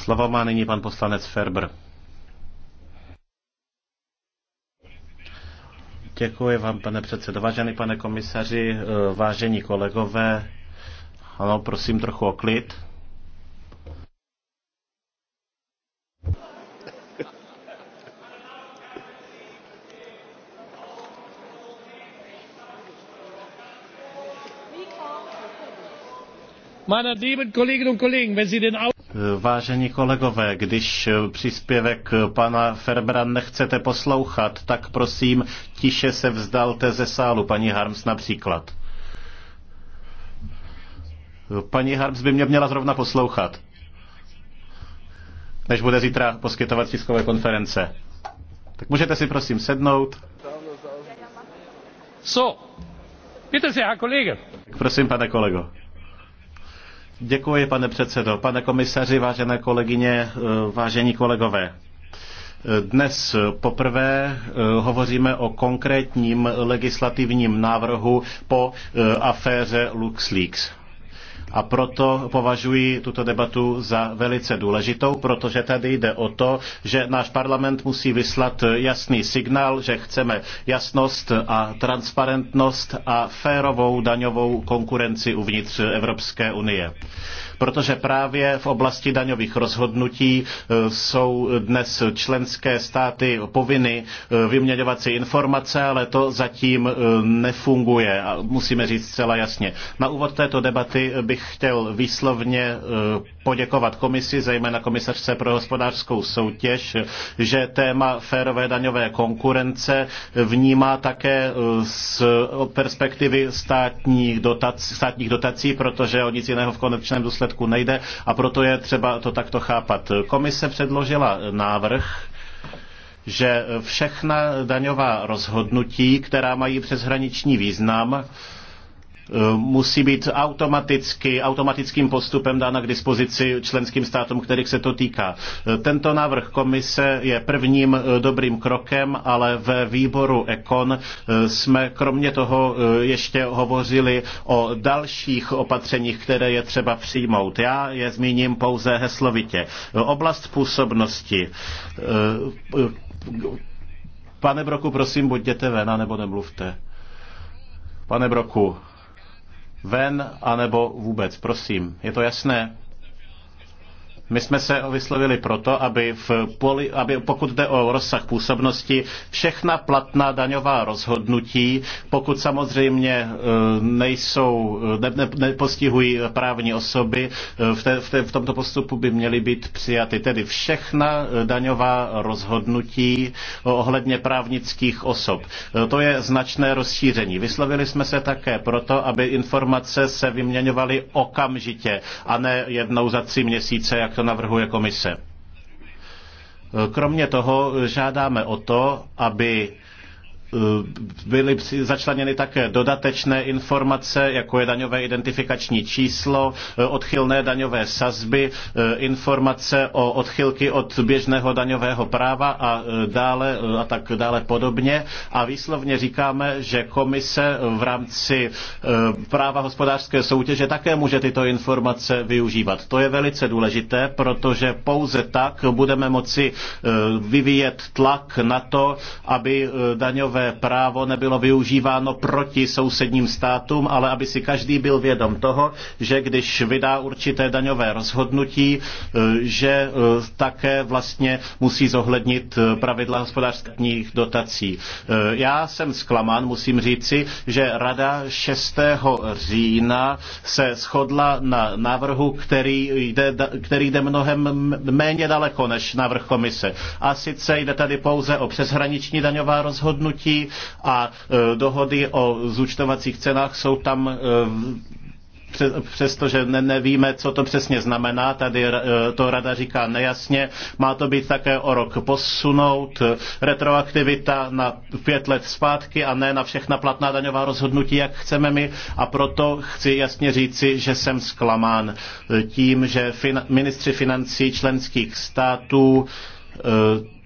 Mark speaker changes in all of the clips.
Speaker 1: Slovo má nyní pan poslanec Ferber. Děkuji vám, pane předsedo. Vážený pane komisaři, eh, vážení kolegové, ano, prosím trochu o klid. Vážení kolegové, když příspěvek pana Ferbra nechcete poslouchat, tak prosím, tiše se vzdalte ze sálu, paní Harms například. Paní Harms by mě měla zrovna poslouchat, než bude zítra poskytovat tiskové konference. Tak můžete si prosím sednout. So,
Speaker 2: bitte sehr, Herr Kollege.
Speaker 1: Prosím, pane kolego. Děkuji, pane předsedo. Pane komisaři, vážené kolegyně, eh, vážení kolegové. Dnes poprvé eh, hovoříme o konkrétním legislativním návrhu po eh, aféře LuxLeaks. A proto považuji tuto debatu za velice důležitou, protože tady jde o to, že náš parlament musí vyslat jasný signál, že chceme jasnost a transparentnost a férovou daňovou konkurenci uvnitř Evropské unie protože právě v oblasti daňových rozhodnutí e, jsou dnes členské státy povinny e, vyměňovat si informace, ale to zatím e, nefunguje a musíme říct zcela jasně. Na úvod této debaty bych chtěl výslovně poděkovat komisi, zejména komisařce pro hospodářskou soutěž, že téma férové daňové konkurence vnímá také eh, z perspektivy státních dotací, státních dotací, protože o nic jiného v konečném důsledku nejde a proto je třeba to takto chápat. Komise předložila návrh, že všechna daňová rozhodnutí, která mají přeshraniční význam, Eh, musí být automaticky, automatickým postupem dána k dispozici členským státům, kterých se to týká. Eh, tento návrh komise je prvním eh, dobrým krokem, ale ve výboru ECON jsme kromě toho ještě hovořili o dalších opatřeních, které je třeba přijmout. Já je zmíním pouze heslovitě. Oblast působnosti. Pane Broku, prosím, buďte ven, nebo nemluvte. Pane Broku, Ven, anebo vůbec, prosím. Je to jasné? My jsme se vyslovili proto, aby, v poli, aby pokud jde o rozsah působnosti, všechna platná daňová rozhodnutí, pokud samozřejmě e, nejsou, ne, ne, nepostihují právní osoby, e, v, te, v, te, v tomto postupu by měly být přijaty. Tedy všechna daňová rozhodnutí ohledně právnických osob. E, to je značné rozšíření. Vyslovili jsme se také proto, aby informace se vyměňovaly okamžitě a ne jednou za tři měsíce, jak to navrhuje komise. Kromě toho žádáme o to, aby Eh, byly začleněny také dodatečné informace, jako je daňové identifikační číslo, eh, odchylné daňové sazby, eh, informace o odchylky od běžného daňového práva a dále a tak dále podobně. A výslovně říkáme, že komise v rámci práva hospodářské soutěže také může tyto informace využívat. To je velice důležité, protože pouze tak budeme moci vyvíjet tlak na to, aby daňové azylové právo nebylo využíváno proti sousedním státům, ale aby si každý byl vědom toho, že když vydá určité daňové rozhodnutí, eh, že eh, také vlastně musí zohlednit eh, pravidla hospodářských dotací. Já jsem zklamán, musím říci, že Rada 6. října se shodla na návrhu, který jde, který jde mnohem méně daleko než návrh komise. A sice jde tady pouze o přeshraniční daňová rozhodnutí, platí a e, dohody o zúčtovacích cenách jsou tam e, přestože ne, nevíme, co to přesně znamená, tady e, to rada říká nejasně, má to být také o rok posunout, retroaktivita na pět let zpátky a ne na všechna platná daňová rozhodnutí, jak chceme my a proto chci jasně říci, že jsem zklamán tím, že fin- ministři financí členských států e,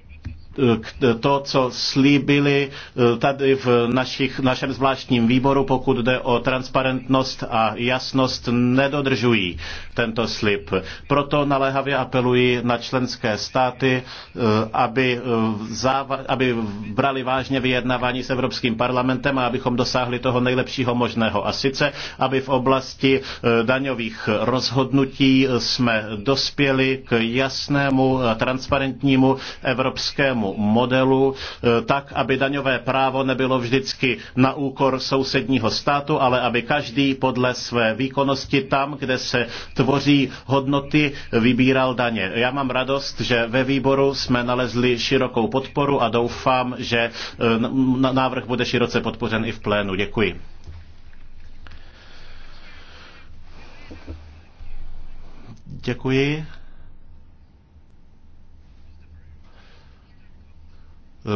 Speaker 1: to, co slíbili eh, tady v našich, našem zvláštním výboru, pokud jde o transparentnost a jasnost, nedodržují tento slib. Proto naléhavě apeluji na členské státy, eh, aby, eh, záva, aby brali vážně vyjednávání s Evropským parlamentem a abychom dosáhli toho nejlepšího možného. A sice, aby v oblasti daňových rozhodnutí jsme dospěli k jasnému, transparentnímu evropskému daňovému modelu, e, tak, aby daňové právo nebylo vždycky na úkor sousedního státu, ale aby každý podle své výkonnosti tam, kde se tvoří hodnoty, vybíral daně. Já mám radost, že ve výboru jsme nalezli širokou podporu a doufám, že e, návrh bude široce podpořen i v plénu. Děkuji. Děkuji.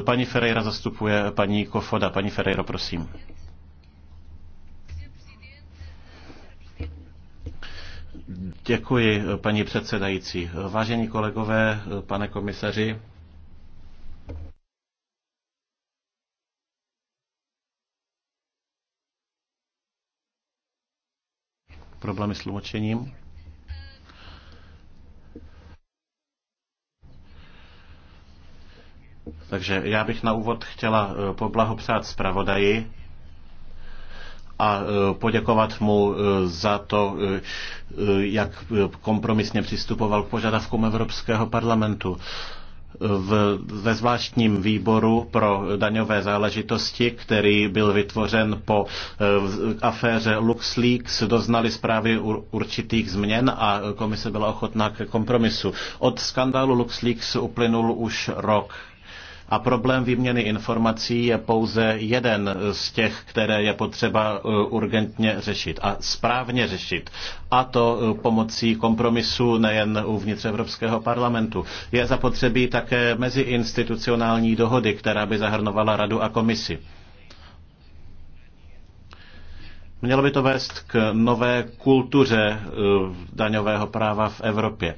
Speaker 1: Paní Ferreira zastupuje paní Kofoda. Paní Ferreira, prosím. Děkuji, paní předsedající. Vážení kolegové, pane komisaři, problémy s tlumočením. Takže já bych na úvod chtěla eh, poblahopřát zpravodaji a eh, poděkovat mu eh, za to, jak kompromisně přistupoval k požadavkům Evropského parlamentu v, ve zvláštním výboru pro daňové záležitosti, který byl vytvořen po uh, aféře LuxLeaks, doznali zprávy ur, určitých změn a komise byla ochotná k kompromisu. Od skandálu LuxLeaks uplynul už rok. A problém výměny informací je pouze jeden z těch, které je potřeba eh, urgentně řešit a správně řešit. A to eh, pomocí kompromisu nejen uvnitř Evropského parlamentu. Je zapotřebí také meziinstitucionální dohody, která by zahrnovala Radu a komisi. Mělo by to vést k nové kultuře eh, daňového práva v Evropě.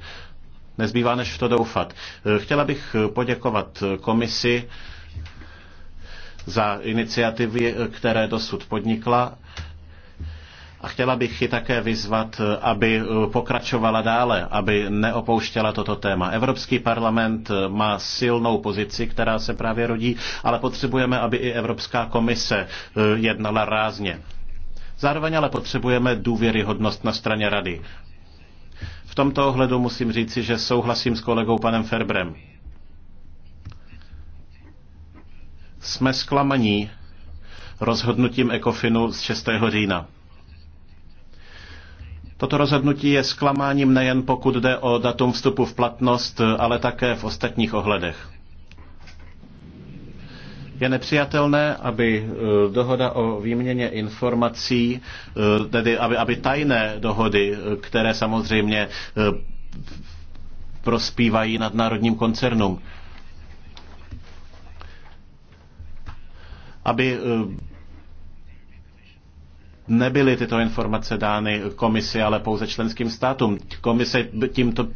Speaker 1: Nezbývá než v to doufat. Eh, chtěla bych eh, poděkovat eh, komisi za iniciativy, které dosud podnikla a chtěla bych ji také vyzvat, aby pokračovala dále, aby neopouštěla toto téma. Evropský parlament má silnou pozici, která se právě rodí, ale potřebujeme, aby i Evropská komise jednala rázně. Zároveň ale potřebujeme důvěryhodnost na straně rady. V tomto ohledu musím říci, že souhlasím s kolegou panem Ferbrem. Jsme zklamaní rozhodnutím Ekofinu z 6. října. Toto rozhodnutí je zklamáním nejen pokud jde o datum vstupu v platnost, ale také v ostatních ohledech. Je nepřijatelné, aby e, dohoda o výměně informací, e, tedy aby, aby tajné dohody, e, které samozřejmě prospívají nadnárodním koncernům, aby nebyly tyto informace dány komisi, ale pouze členským státům. Komise tímto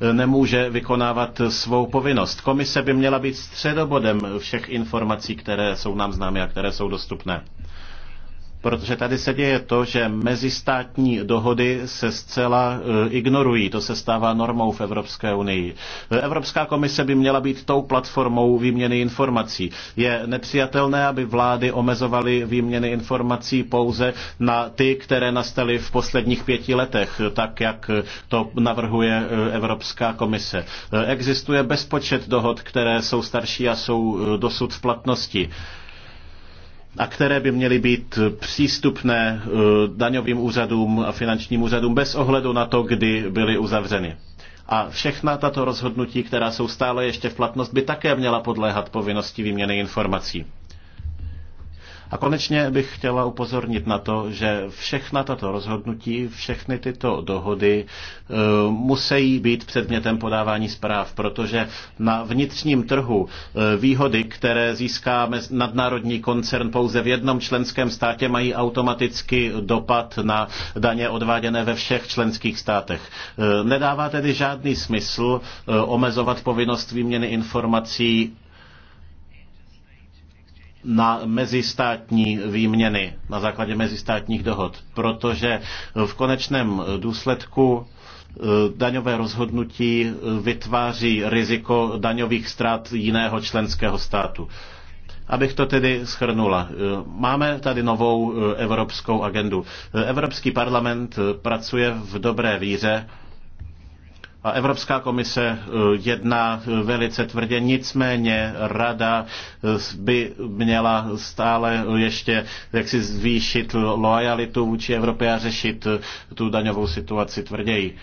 Speaker 1: eh, nemůže vykonávat svou povinnost. Komise by měla být středobodem všech informací, které jsou nám známy a které jsou dostupné. Protože tady se děje to, že mezistátní dohody se zcela eh, ignorují. To se stává normou v Evropské unii. Evropská komise by měla být tou platformou výměny informací. Je nepřijatelné, aby vlády omezovaly výměny informací pouze na ty, které nastaly v posledních pěti letech, tak jak to navrhuje eh, Evropská komise. Eh, existuje bezpočet dohod, které jsou starší a jsou dosud v platnosti a které by měly být přístupné eh, daňovým úřadům a finančním úřadům bez ohledu na to, kdy byly uzavřeny. A všechna tato rozhodnutí, která jsou stále ještě v platnost, by také měla podléhat povinnosti výměny informací. A konečně bych chtěla upozornit na to, že všechna tato rozhodnutí, všechny tyto dohody eh, musí být předmětem podávání zpráv, protože na vnitřním trhu eh, výhody, které získá nadnárodní koncern pouze v jednom členském státě, mají automaticky dopad na daně odváděné ve všech členských státech. Eh, nedává tedy žádný smysl omezovat povinnost výměny informací na mezistátní výměny, na základě mezistátních dohod, protože v konečném důsledku e, daňové rozhodnutí e, vytváří riziko daňových ztrát jiného členského státu. Abych to tedy schrnula. E, máme tady novou evropskou agendu. Evropský parlament pracuje v dobré víře a Evropská komise eh, jedná eh, velice tvrdě, nicméně rada eh, by měla stále ještě jak si zvýšit lojalitu vůči Evropě a řešit tu daňovou situaci tvrději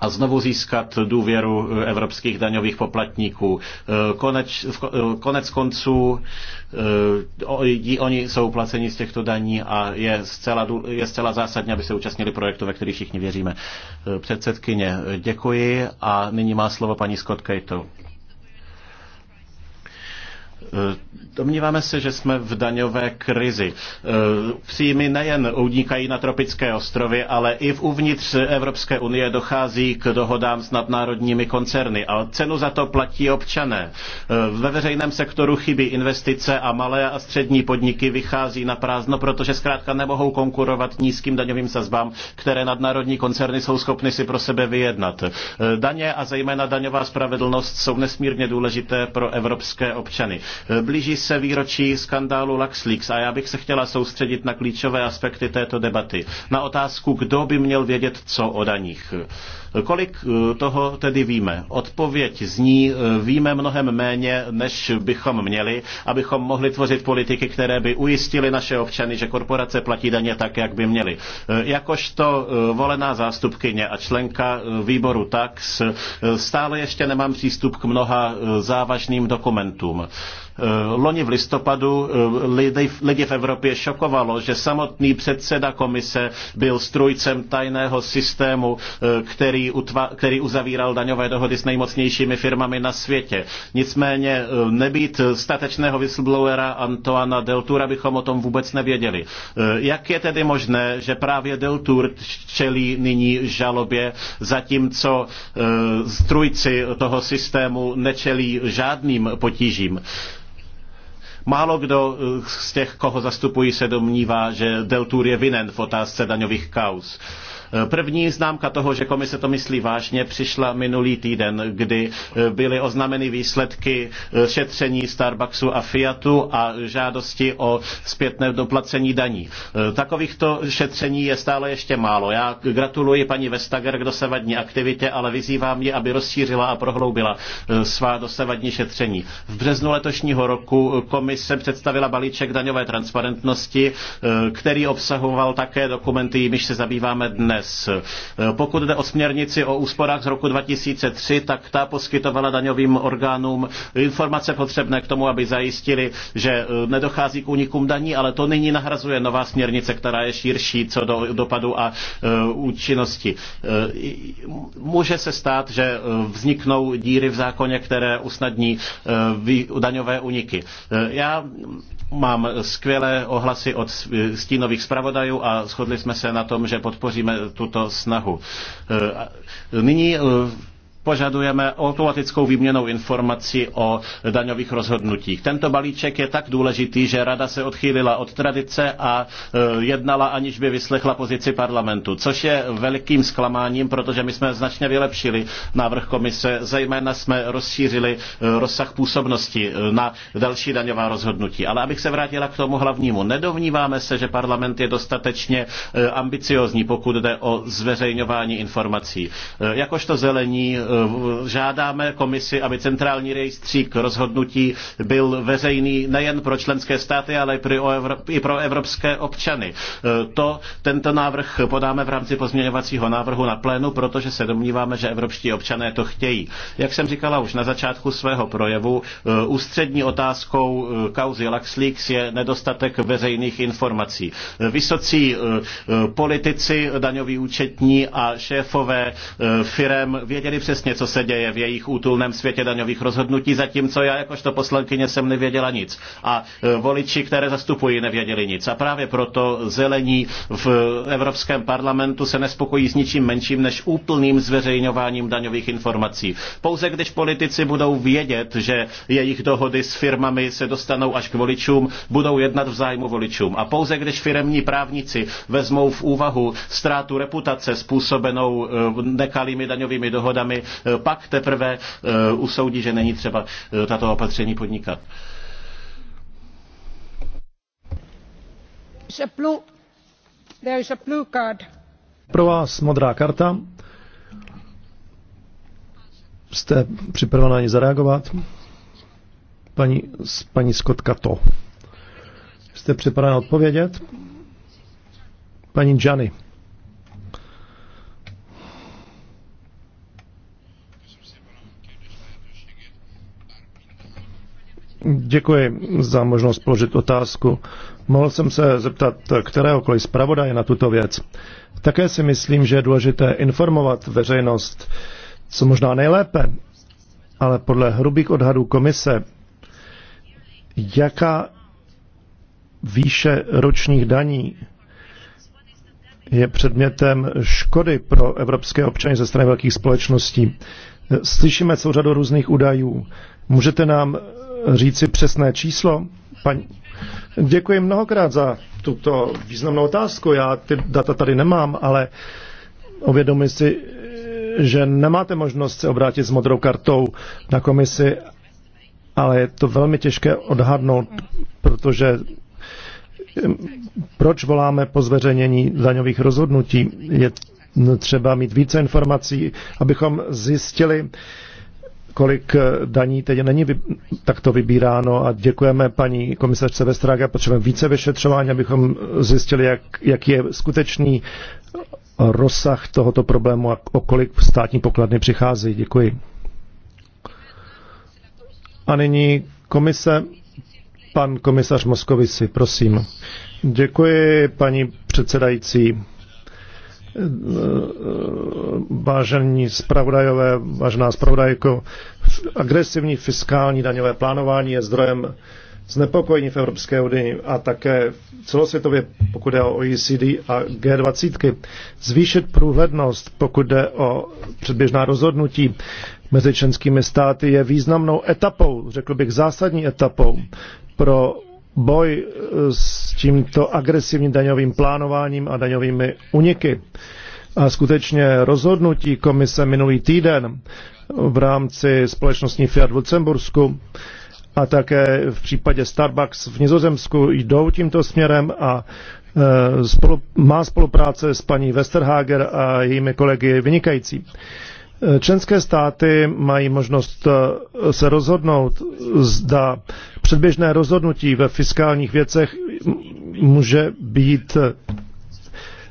Speaker 1: a znovu získat důvěru eh, evropských daňových poplatníků. Eh, koneč, eh, konec konců oni jsou placeni z těchto daní a je zcela, je zcela zásadní, aby se účastnili projektu, ve který všichni věříme. Předsedkyně, děkuji a nyní má slovo paní Scott Kejtou. Eh, domníváme se, že jsme v daňové krizi. Eh, příjmy nejen unikají na tropické ostrovy, ale i v uvnitř Evropské unie dochází k dohodám s nadnárodními koncerny. A cenu za to platí občané. Eh, ve veřejném sektoru chybí investice a malé a střední podniky vychází na prázdno, protože zkrátka nemohou konkurovat nízkým daňovým sazbám, které nadnárodní koncerny jsou schopny si pro sebe vyjednat. Daně a zejména daňová spravedlnost jsou nesmírně důležité pro evropské občany. Blíží se výročí skandálu LuxLeaks a já bych se chtěla soustředit na klíčové aspekty této debaty. Na otázku, kdo by měl vědět co o daních. Kolik eh, toho tedy víme? Odpověď zní, eh, víme mnohem méně, než bychom měli, abychom mohli tvořit politiky, které by ujistily naše občany, že korporace platí daně tak, jak by měly. Eh, jakožto volená zástupkyně a členka výboru TAX stále ještě nemám přístup k mnoha závažným dokumentům. Eh, loni v listopadu eh, lidi, lidi v Evropě šokovalo, že samotný předseda komise byl strujcem tajného systému, eh, který, utva, který uzavíral daňové dohody s nejmocnějšími firmami na světě. Nicméně nebýt statečného whistleblowera Antoana Deltura bychom o tom vůbec nevěděli. Jak je tedy možné, že právě Deltur čelí nyní žalobě, zatímco strujci toho systému nečelí žádným potížím? Málo kdo eh, z těch, koho zastupují, se domnívá, že Deltour je vinen v otázce daňových kauz. První známka toho, že komise to myslí vážně, přišla minulý týden, kdy eh, byly oznámeny výsledky eh, šetření Starbucksu a Fiatu a žádosti o zpětné doplacení daní. Eh, takovýchto šetření je stále ještě málo. Já gratuluji paní Vestager k dosavadní aktivitě, ale vyzývám ji, aby rozšířila a prohloubila svá dosavadní šetření. V březnu letošního roku komise představila balíček daňové transparentnosti, který obsahoval také dokumenty, jimiž se zabýváme dnes dnes. Eh, pokud jde o směrnici o úsporách z roku 2003, tak ta poskytovala daňovým orgánům informace potřebné k tomu, aby zajistili, že eh, nedochází k únikům daní, ale to nyní nahrazuje nová směrnice, která je širší co do dopadu a eh, účinnosti. Může se stát, že vzniknou díry v zákoně, které usnadní daňové uniky. Já Mám skvělé ohlasy od stínových zpravodajů a shodli jsme se na tom, že podpoříme tuto snahu. E, nyní e, požadujeme automatickou výměnou informací o daňových rozhodnutích. Tento balíček je tak důležitý, že Rada se odchýlila od tradice a e, jednala, aniž by vyslechla pozici parlamentu, což je velkým zklamáním, protože my jsme značně vylepšili návrh komise, zejména jsme rozšířili e, rozsah působnosti e, na další daňová rozhodnutí. Ale abych se vrátila k tomu hlavnímu, nedovníváme se, že parlament je dostatečně ambiciozní, pokud jde o zveřejňování informací. Jakožto zelení Eh, žádáme komisi, aby centrální rejstřík rozhodnutí byl veřejný nejen pro členské státy, ale i pro evropské občany. Eh, to, tento návrh podáme v rámci pozměňovacího návrhu na plénu, protože se domníváme, že evropští občané to chtějí. Jak jsem říkala už na začátku svého projevu, eh, ústřední otázkou kauzy LuxLeaks je nedostatek veřejných informací. Vysocí politici, daňoví účetní a šéfové firem věděli přes přesně, co se děje v jejich útulném světě daňových rozhodnutí, zatímco já jakožto poslankyně jsem nevěděla nic. A e, voliči, které zastupují, nevěděli nic. A právě proto zelení v Evropském parlamentu se nespokojí s ničím menším než úplným zveřejňováním daňových informací. Pouze když politici budou vědět, že jejich dohody s firmami se dostanou až k voličům, budou jednat v zájmu voličům. A pouze když firemní právníci vezmou v úvahu ztrátu reputace způsobenou e, nekalými daňovými dohodami, Eh, pak teprve eh, usoudí, že není třeba eh, tato opatření podnikat.
Speaker 2: Pro vás modrá karta. Jste připravena zareagovat? Paní, paní Skotka to. Jste připravena odpovědět? Paní Gianni. Děkuji za možnost položit otázku. Mohl jsem se zeptat kteréhokoliv zpravodaje na tuto věc. Také si myslím, že je důležité informovat veřejnost, co možná nejlépe, ale podle hrubých odhadů komise, jaká výše ročních daní je předmětem škody pro evropské občany ze strany velkých společností. Slyšíme celou řadu různých údajů. Můžete nám říci přesné číslo? Paní... Děkuji mnohokrát za tuto významnou otázku. Já ty data tady nemám, ale uvědomuji si, že nemáte možnost se obrátit s modrou kartou na komisi, ale je to velmi těžké odhadnout, protože hm, proč voláme po zveřejnění daňových rozhodnutí? Je třeba mít více informací, abychom zjistili, kolik eh, daní teď není vy, takto vybíráno a děkujeme paní komisařce Vestrága, potřebujeme více vyšetřování, abychom zjistili, jak, jaký je skutečný rozsah tohoto problému a o kolik státní pokladny přicházejí. Děkuji. A nyní komise, pan komisař Moskovici, prosím. Děkuji, paní předsedající vážení spravodajové, vážená spravodajko, agresivní fiskální daňové plánování je zdrojem znepokojení v Evropské unii a také celosvětově, pokud jde o OECD a G20. Zvýšit průhlednost, pokud jde o předběžná rozhodnutí mezi členskými státy, je významnou etapou, řekl bych zásadní etapou pro boj eh, s tímto agresivním daňovým plánováním a daňovými uniky. A skutečně rozhodnutí komise minulý týden v rámci společnosti Fiat v Lucembursku a také v případě Starbucks v Nizozemsku jdou tímto směrem a eh, spolu, má spolupráce s paní Westerhager a jejími kolegy vynikající. Eh, členské státy mají možnost se rozhodnout, zda předběžné rozhodnutí ve fiskálních věcech může být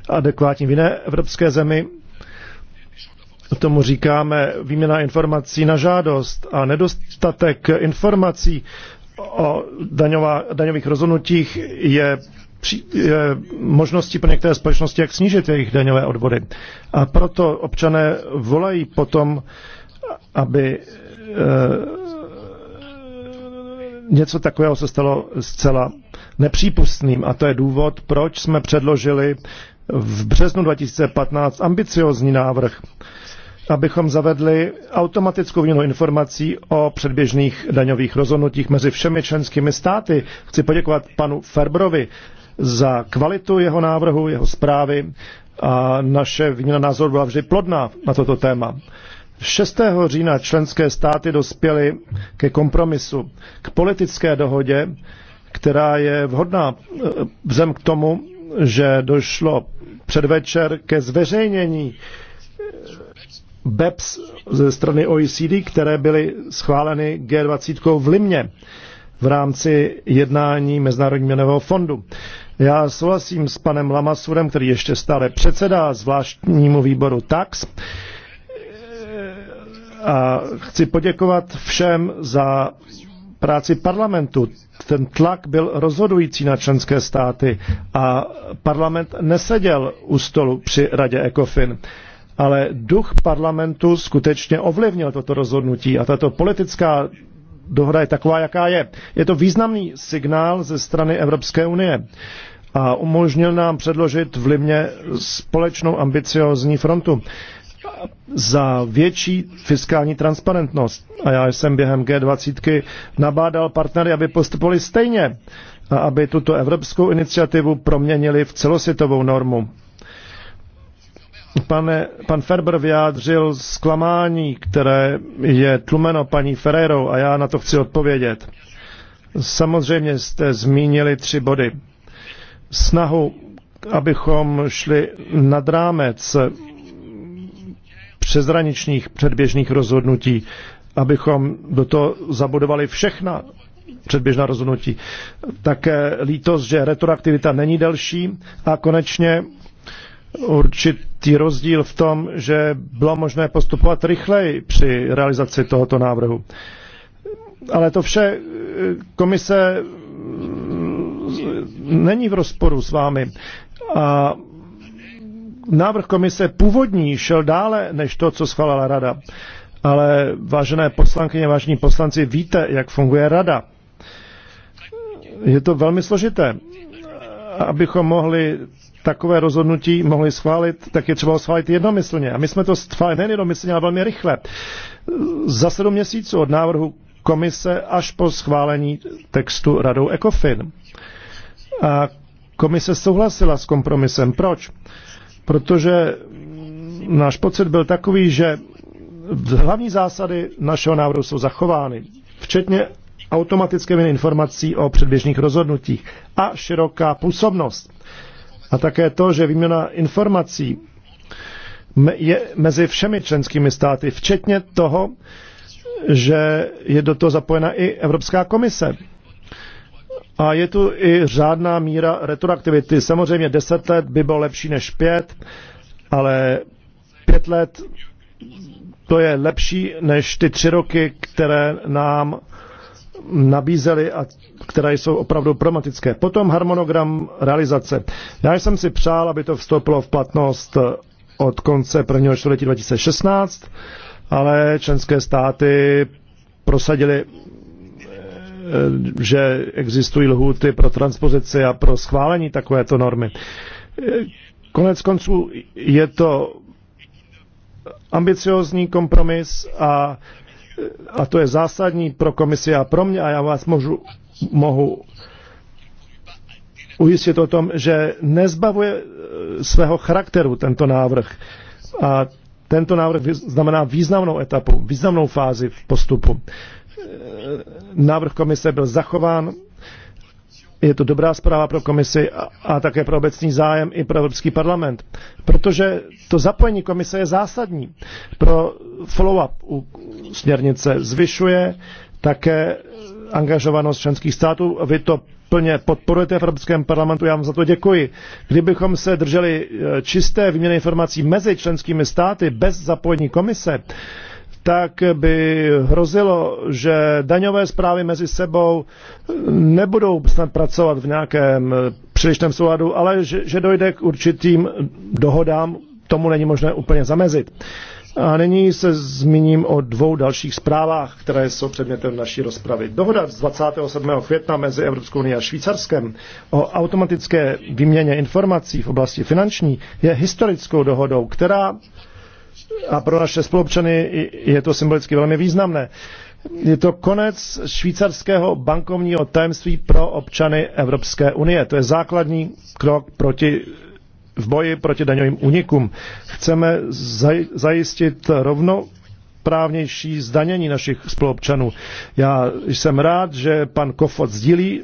Speaker 2: adekvátní v jiné evropské zemi. Tomu říkáme výměna informací na žádost a nedostatek informací o daňová, daňových rozhodnutích je, při, je možností pro některé společnosti, jak snížit jejich daňové odvody. A proto občané volají potom, aby eh, něco takového se stalo zcela nepřípustným a to je důvod, proč jsme předložili v březnu 2015 ambiciozní návrh, abychom zavedli automatickou výměnu informací o předběžných daňových rozhodnutích mezi všemi členskými státy. Chci poděkovat panu Ferbrovi za kvalitu jeho návrhu, jeho zprávy a naše výměna názoru byla vždy plodná na toto téma. 6. října členské státy dospěly ke kompromisu, k politické dohodě, která je vhodná eh, vzem k tomu, že došlo předvečer ke zveřejnění eh, BEPS ze strany OECD, které byly schváleny G20 v Limě v rámci jednání Mezinárodního měnového fondu. Já souhlasím s panem Lamasurem, který ještě stále předsedá zvláštnímu výboru TAX, a chci poděkovat všem za práci parlamentu. Ten tlak byl rozhodující na členské státy a parlament neseděl u stolu při radě ECOFIN. Ale duch parlamentu skutečně ovlivnil toto rozhodnutí a tato politická dohoda je taková, jaká je. Je to významný signál ze strany Evropské unie a umožnil nám předložit v Limě společnou ambiciozní frontu za větší fiskální transparentnost. A já jsem během G20 nabádal partnery, aby postupovali stejně a aby tuto evropskou iniciativu proměnili v celosvětovou normu. Pane, pan Ferber vyjádřil zklamání, které je tlumeno paní Ferrerou a já na to chci odpovědět. Samozřejmě jste zmínili tři body. Snahu, abychom šli nad rámec přezraničních předběžných rozhodnutí, abychom do toho zabudovali všechna předběžná rozhodnutí. Také lítost, že retroaktivita není delší a konečně určitý rozdíl v tom, že bylo možné postupovat rychleji při realizaci tohoto návrhu. Ale to vše eh, komise eh, není v rozporu s vámi. A návrh komise původní šel dále než to, co schválila rada. Ale vážené poslankyně, vážení poslanci, víte, jak funguje rada. Je to velmi složité. Abychom mohli takové rozhodnutí mohli schválit, tak je třeba schválit jednomyslně. A my jsme to schválili nejen jednomyslně, ale velmi rychle. Za sedm měsíců od návrhu komise až po schválení textu radou ECOFIN. A komise souhlasila s kompromisem. Proč? protože náš pocit byl takový, že hlavní zásady našeho návrhu jsou zachovány, včetně automatické měny informací o předběžných rozhodnutích a široká působnost. A také to, že výměna informací je mezi všemi členskými státy, včetně toho, že je do toho zapojena i Evropská komise. A je tu i řádná míra retroaktivity. Samozřejmě 10 let by bylo lepší než 5, ale 5 let to je lepší než ty tři roky, které nám nabízeli a které jsou opravdu problematické. Potom harmonogram realizace. Já jsem si přál, aby to vstoupilo v platnost od konce prvního čtvrtletí 2016, ale členské státy prosadili Eh, že existují lhůty pro transpozici a pro schválení takovéto normy. Eh, konec konců je to ambiciozní kompromis a, eh, a to je zásadní pro komisi a pro mě a já vás můžu, mohu ujistit o tom, že nezbavuje svého charakteru tento návrh. A tento návrh znamená významnou etapu, významnou fázi v postupu návrh komise byl zachován. Je to dobrá zpráva pro komisi a, a také pro obecný zájem i pro Evropský parlament, protože to zapojení komise je zásadní pro follow-up u směrnice. Zvyšuje také angažovanost členských států. Vy to plně podporujete v Evropském parlamentu, já vám za to děkuji. Kdybychom se drželi eh, čisté výměny informací mezi členskými státy bez zapojení komise, tak by hrozilo, že daňové zprávy mezi sebou nebudou snad pracovat v nějakém eh, přílišném souladu, ale že, že dojde k určitým dohodám, tomu není možné úplně zamezit. A nyní se zmíním o dvou dalších zprávách, které jsou předmětem naší rozpravy. Dohoda z 27. května mezi Evropskou unii a Švýcarskem o automatické výměně informací v oblasti finanční je historickou dohodou, která a pro naše spolupčany je to symbolicky velmi významné. Je to konec švýcarského bankovního tajemství pro občany Evropské unie. To je základní krok proti v boji proti daňovým unikům. Chceme zajistit rovno právnější zdanění našich spoluobčanů. Já jsem rád, že pan Kofot sdílí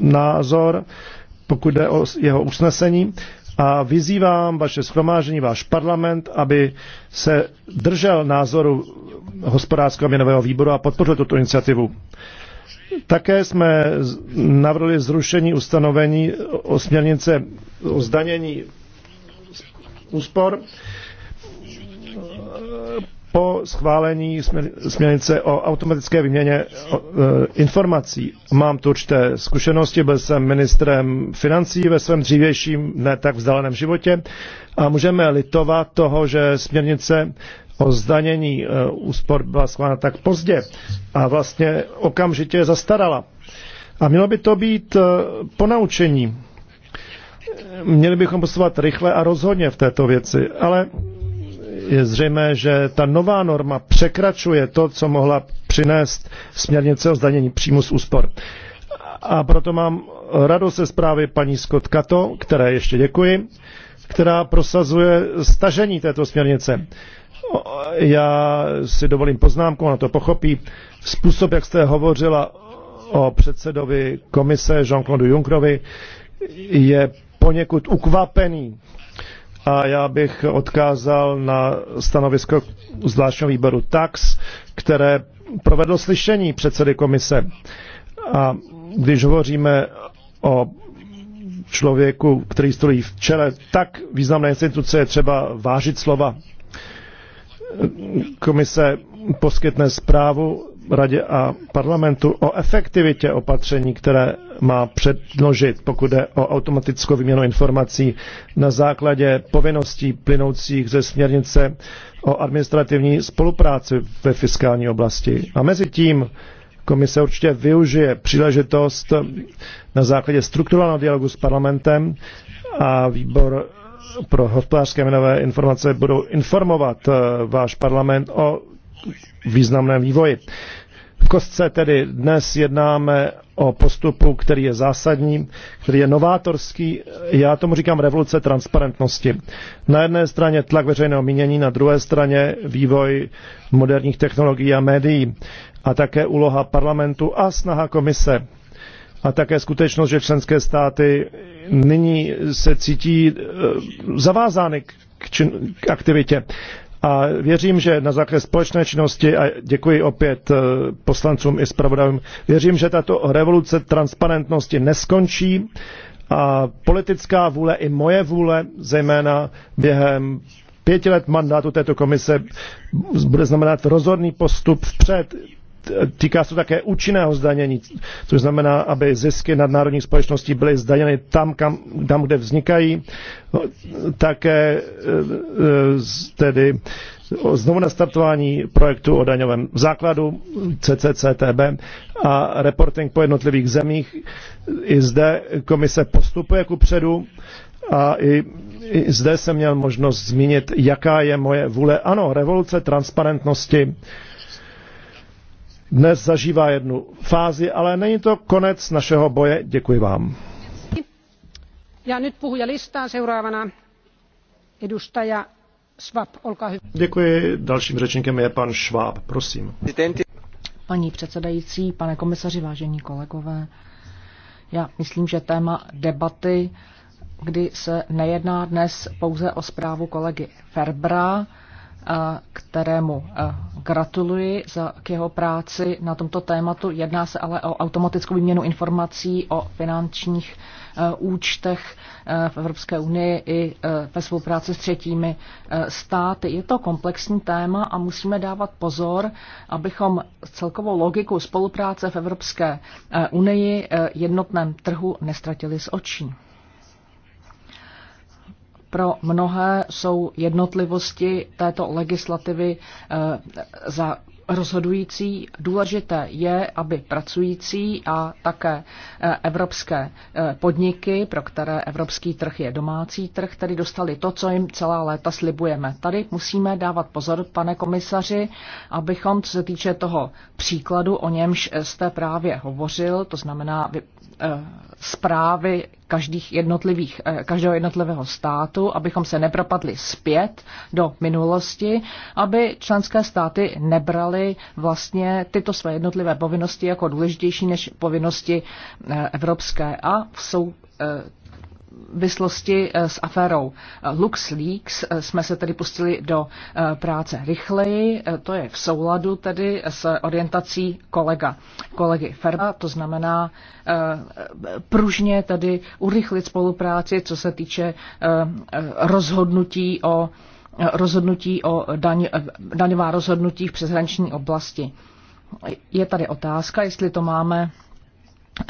Speaker 2: názor, pokud jde o jeho usnesení a vyzývám vaše schromážení, váš parlament, aby se držel názoru hospodářského měnového výboru a podpořil tuto iniciativu. Také jsme navrhli zrušení ustanovení o směrnice o zdanění úspor po schválení směrnice o automatické výměně e, informací. Mám tu určité zkušenosti, byl jsem ministrem financí ve svém dřívějším, ne tak vzdáleném životě a můžeme litovat toho, že směrnice o zdanění e, úspor byla schválena tak pozdě a vlastně okamžitě zastarala. A mělo by to být e, ponaučení. Měli bychom postupovat rychle a rozhodně v této věci, ale je zřejmé, že ta nová norma překračuje to, co mohla přinést směrnice o zdanění příjmu z úspor. A proto mám radost se zprávy paní Scott Kato, které ještě děkuji, která prosazuje stažení této směrnice. Já si dovolím poznámku, ona to pochopí. Způsob, jak jste hovořila o předsedovi komise Jean-Claude Junckerovi, je poněkud ukvapený a já bych odkázal na stanovisko zvláštního výboru TAX, které provedlo slyšení předsedy komise. A když hovoříme o člověku, který stojí v čele tak významné instituce, je třeba vážit slova. Komise poskytne zprávu radě a parlamentu o efektivitě opatření, které má předložit, pokud jde o automatickou výměnu informací na základě povinností plynoucích ze směrnice o administrativní spolupráci ve fiskální oblasti. A mezi tím komise určitě využije příležitost na základě strukturálního dialogu s parlamentem a výbor pro hospodářské měnové informace budou informovat eh, váš parlament o významném vývoji. V kostce tedy dnes jednáme o postupu, který je zásadní, který je novátorský, já tomu říkám revoluce transparentnosti. Na jedné straně tlak veřejného mínění, na druhé straně vývoj moderních technologií a médií a také úloha parlamentu a snaha komise a také skutečnost, že členské státy nyní se cítí eh, zavázány k, čin, k aktivitě. A věřím, že na základě společné činnosti, a děkuji opět eh, poslancům i zpravodajům, věřím, že tato revoluce transparentnosti neskončí a politická vůle i moje vůle, zejména během pěti let mandátu této komise, bude znamenat rozhodný postup vpřed Týká se to také účinného zdanění, což znamená, aby zisky nadnárodních společností byly zdaněny tam, kam, tam kde vznikají. No, také e, e, tedy znovu nastartování projektu o daňovém základu CCCTB a reporting po jednotlivých zemích. I zde komise postupuje ku předu a i, i zde jsem měl možnost zmínit, jaká je moje vůle. Ano, revoluce transparentnosti dnes zažívá jednu fázi, ale není to konec našeho boje. Děkuji vám.
Speaker 3: Já nyt puhujalistaan seuraavana edustaja Schwab, olkaa hyvä.
Speaker 2: Děkuji. Dalším řečníkem je pan Schwab, prosím.
Speaker 3: Paní předsedající, pane komisaři, vážení kolegové, já myslím, že téma debaty, kdy se nejedná dnes pouze o zprávu kolegy Ferbra, kterému gratuluji za k jeho práci na tomto tématu. Jedná se ale o automatickou výměnu informací o finančních e, účtech e, v Evropské unii i e, ve spolupráci s třetími státy. Je to komplexní téma a musíme dávat pozor, abychom celkovou logiku spolupráce v Evropské unii jednotném trhu nestratili z očí. Pro mnohé jsou jednotlivosti této legislativy eh, za rozhodující důležité je, aby pracující a také eh, evropské eh, podniky, pro které evropský trh je domácí trh, tedy dostali to, co jim celá léta slibujeme. Tady musíme dávat pozor, pane komisaři, abychom, co se týče toho příkladu, o němž jste právě hovořil, to znamená Eh, zprávy každých jednotlivých, eh, každého jednotlivého státu, abychom se nepropadli zpět do minulosti, aby členské státy nebrali vlastně tyto své jednotlivé povinnosti jako důležitější než povinnosti eh, evropské a v souvislosti eh, s aférou eh, LuxLeaks eh, jsme se tedy pustili do práce rychleji. To je v souladu tedy s orientací kolega, kolegy Ferba, to znamená pružně tedy urychlit spolupráci, co se týče rozhodnutí o rozhodnutí o daň, daňová rozhodnutí v přeshraniční oblasti. Je tady otázka, jestli to máme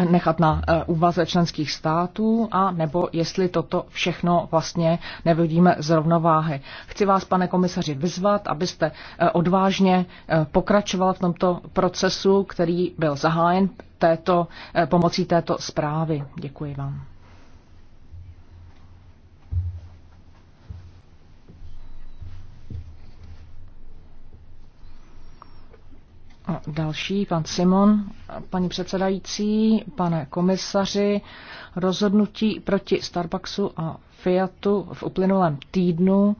Speaker 3: nechat na eh, úvaze členských států a nebo jestli toto všechno vlastně nevidíme z rovnováhy. Chci vás, pane komisaři, vyzvat, abyste eh, odvážně eh, pokračoval v tomto procesu, který byl zahájen této, pomocí této zprávy. Děkuji vám. A další, pan Simon, paní předsedající, pane komisaři, rozhodnutí proti Starbucksu a Fiatu v uplynulém týdnu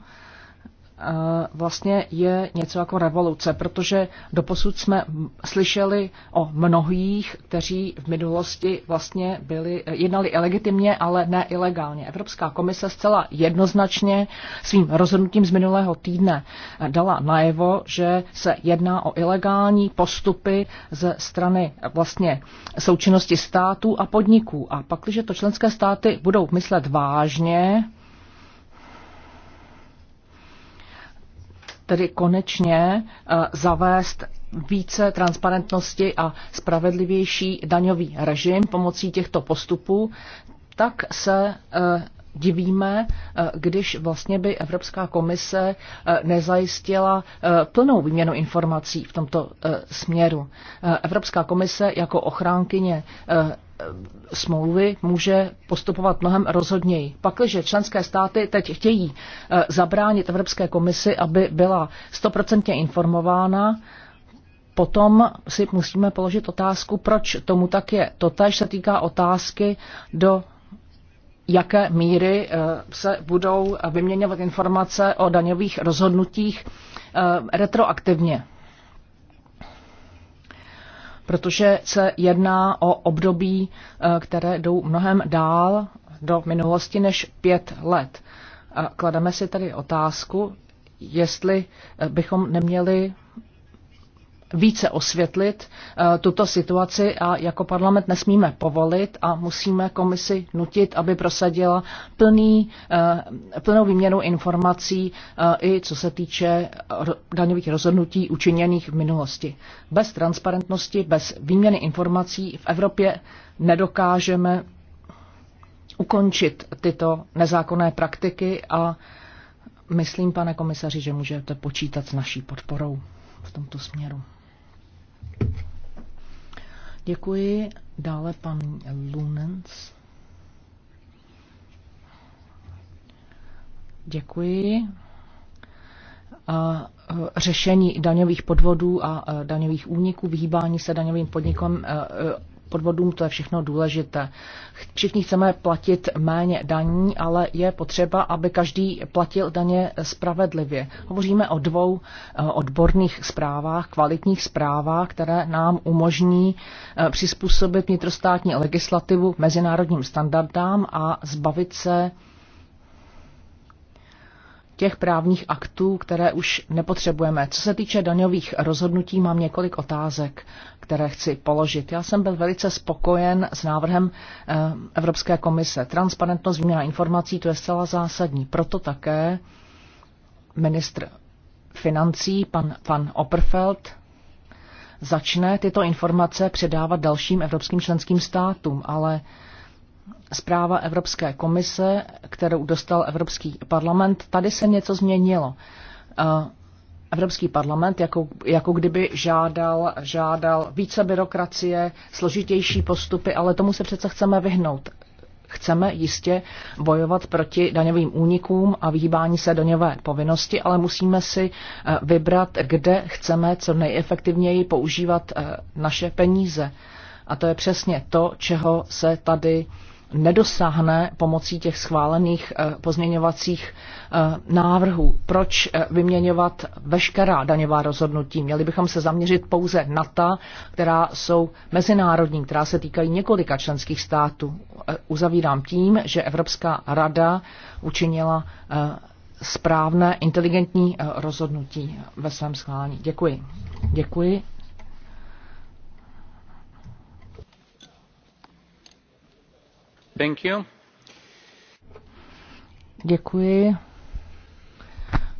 Speaker 3: Eh, vlastně je něco jako revoluce, protože doposud jsme slyšeli o mnohých, kteří v minulosti vlastně byli, eh, jednali ilegitimně, ale ne ilegálně. Evropská komise zcela jednoznačně svým rozhodnutím z minulého týdne eh, dala najevo, že se jedná o ilegální postupy ze strany vlastně součinnosti států a podniků. A pak, když to členské státy budou myslet vážně, tedy konečně eh, zavést více transparentnosti a spravedlivější daňový režim pomocí těchto postupů, tak se eh, divíme, eh, když vlastně by Evropská komise nezajistila plnou výměnu informací v tomto směru. Evropská komise jako ochránkyně smlouvy může postupovat mnohem rozhodněji. Pakliže členské státy teď chtějí eh, zabránit Evropské komisi, aby byla stoprocentně informována, potom si musíme položit otázku, proč tomu tak je. Totež se týká otázky, do jaké míry eh, se budou vyměňovat informace o daňových rozhodnutích eh, retroaktivně protože se jedná o období, eh, které jdou mnohem dál do minulosti než pět let. Eh, klademe si tedy otázku, jestli eh, bychom neměli více osvětlit eh, tuto situaci a jako parlament nesmíme povolit a musíme komisi nutit, aby prosadila plný, eh, plnou výměnu informací eh, i co se týče daňových rozhodnutí učiněných v minulosti. Bez transparentnosti, bez výměny informací v Evropě nedokážeme ukončit tyto nezákonné praktiky a myslím, pane komisaři, že můžete počítat s naší podporou v tomto směru. Děkuji. Dále pan Lunens. Děkuji. A e, řešení daňových podvodů a e, daňových úniků, vyhýbání se daňovým podnikom e, podvodům, to je všechno důležité. Všichni chceme platit méně daní, ale je potřeba, aby každý platil daně spravedlivě. Hovoříme o dvou eh, odborných zprávách, kvalitních zprávách, které nám umožní eh, přizpůsobit vnitrostátní legislativu mezinárodním standardám a zbavit se těch právních aktů, které už nepotřebujeme. Co se týče daňových rozhodnutí, mám několik otázek, které chci položit. Já jsem byl velice spokojen s návrhem eh, Evropské komise. Transparentnost výměna informací, to je zcela zásadní. Proto také ministr financí, pan, pan Operfeld, začne tyto informace předávat dalším evropským členským státům, ale zpráva Evropské komise, kterou dostal Evropský parlament, tady se něco změnilo. Eh, Evropský parlament jako, jako kdyby žádal, žádal více byrokracie, složitější postupy, ale tomu se přece chceme vyhnout. Chceme jistě bojovat proti daňovým únikům a vyhýbání se daňové povinnosti, ale musíme si eh, vybrat, kde chceme co nejefektivněji používat eh, naše peníze. A to je přesně to, čeho se tady uh, nedosáhne pomocí těch schválených eh, pozměňovacích eh, návrhů. Proč eh, vyměňovat veškerá daňová rozhodnutí? Měli bychom se zaměřit pouze na ta, která jsou mezinárodní, která se týkají několika členských států. Uzavírám tím, že Evropská rada učinila správné, inteligentní rozhodnutí ve svém schválení. Děkuji. Děkuji. Děkuji.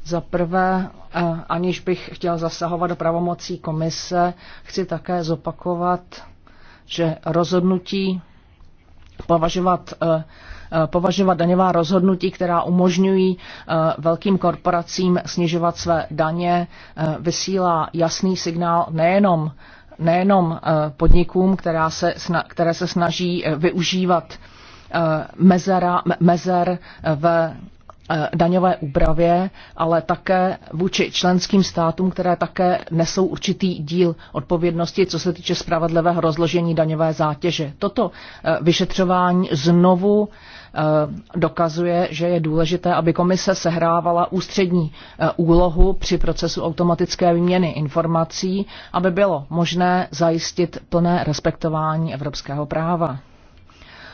Speaker 3: Za prvé, eh, aniž bych chtěl zasahovat do pravomocí komise, chci také zopakovat, že rozhodnutí považovat, eh, eh, považovat daňová rozhodnutí, která umožňují velkým korporacím snižovat své daně, vysílá jasný signál nejenom nejenom podnikům, která se, které se snaží využívat Eh, mezera, mezer eh, v eh, daňové úpravě, ale také vůči členským státům, které také nesou určitý díl odpovědnosti, co se týče spravedlivého rozložení daňové zátěže. Toto vyšetřování znovu dokazuje, že je důležité, aby komise sehrávala ústřední úlohu při procesu automatické výměny informací, aby bylo možné zajistit plné respektování evropského práva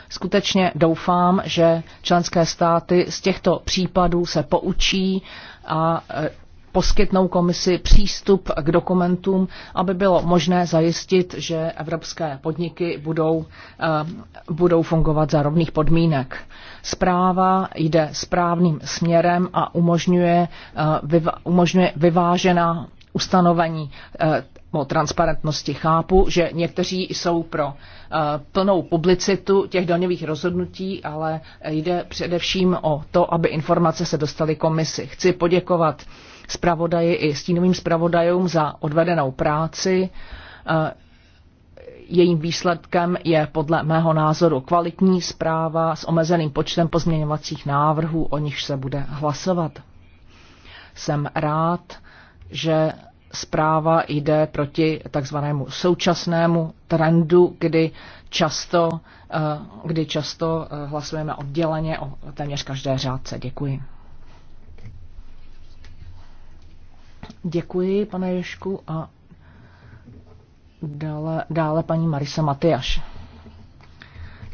Speaker 3: skutečně doufám, že členské státy z těchto případů se poučí a e, poskytnou komisi přístup k dokumentům, aby bylo možné zajistit, že evropské podniky budou, e, budou fungovat za rovných podmínek. Zpráva jde správným směrem a umožňuje, e, umožňuje vyvážená ustanovení o transparentnosti chápu, že někteří jsou pro eh, plnou publicitu těch daňových rozhodnutí, ale jde především o to, aby informace se dostaly komisi. Chci poděkovat zpravodaji i stínovým zpravodajům za odvedenou práci. Eh, jejím výsledkem je podle mého názoru kvalitní zpráva s omezeným počtem pozměňovacích návrhů, o nichž se bude hlasovat. Jsem rád, že zpráva jde proti takzvanému současnému trendu, kdy často, eh, kdy často eh, hlasujeme odděleně o téměř každé řádce. Děkuji. Děkuji, pane Ješku, a dále, dále paní Marisa Matyáš.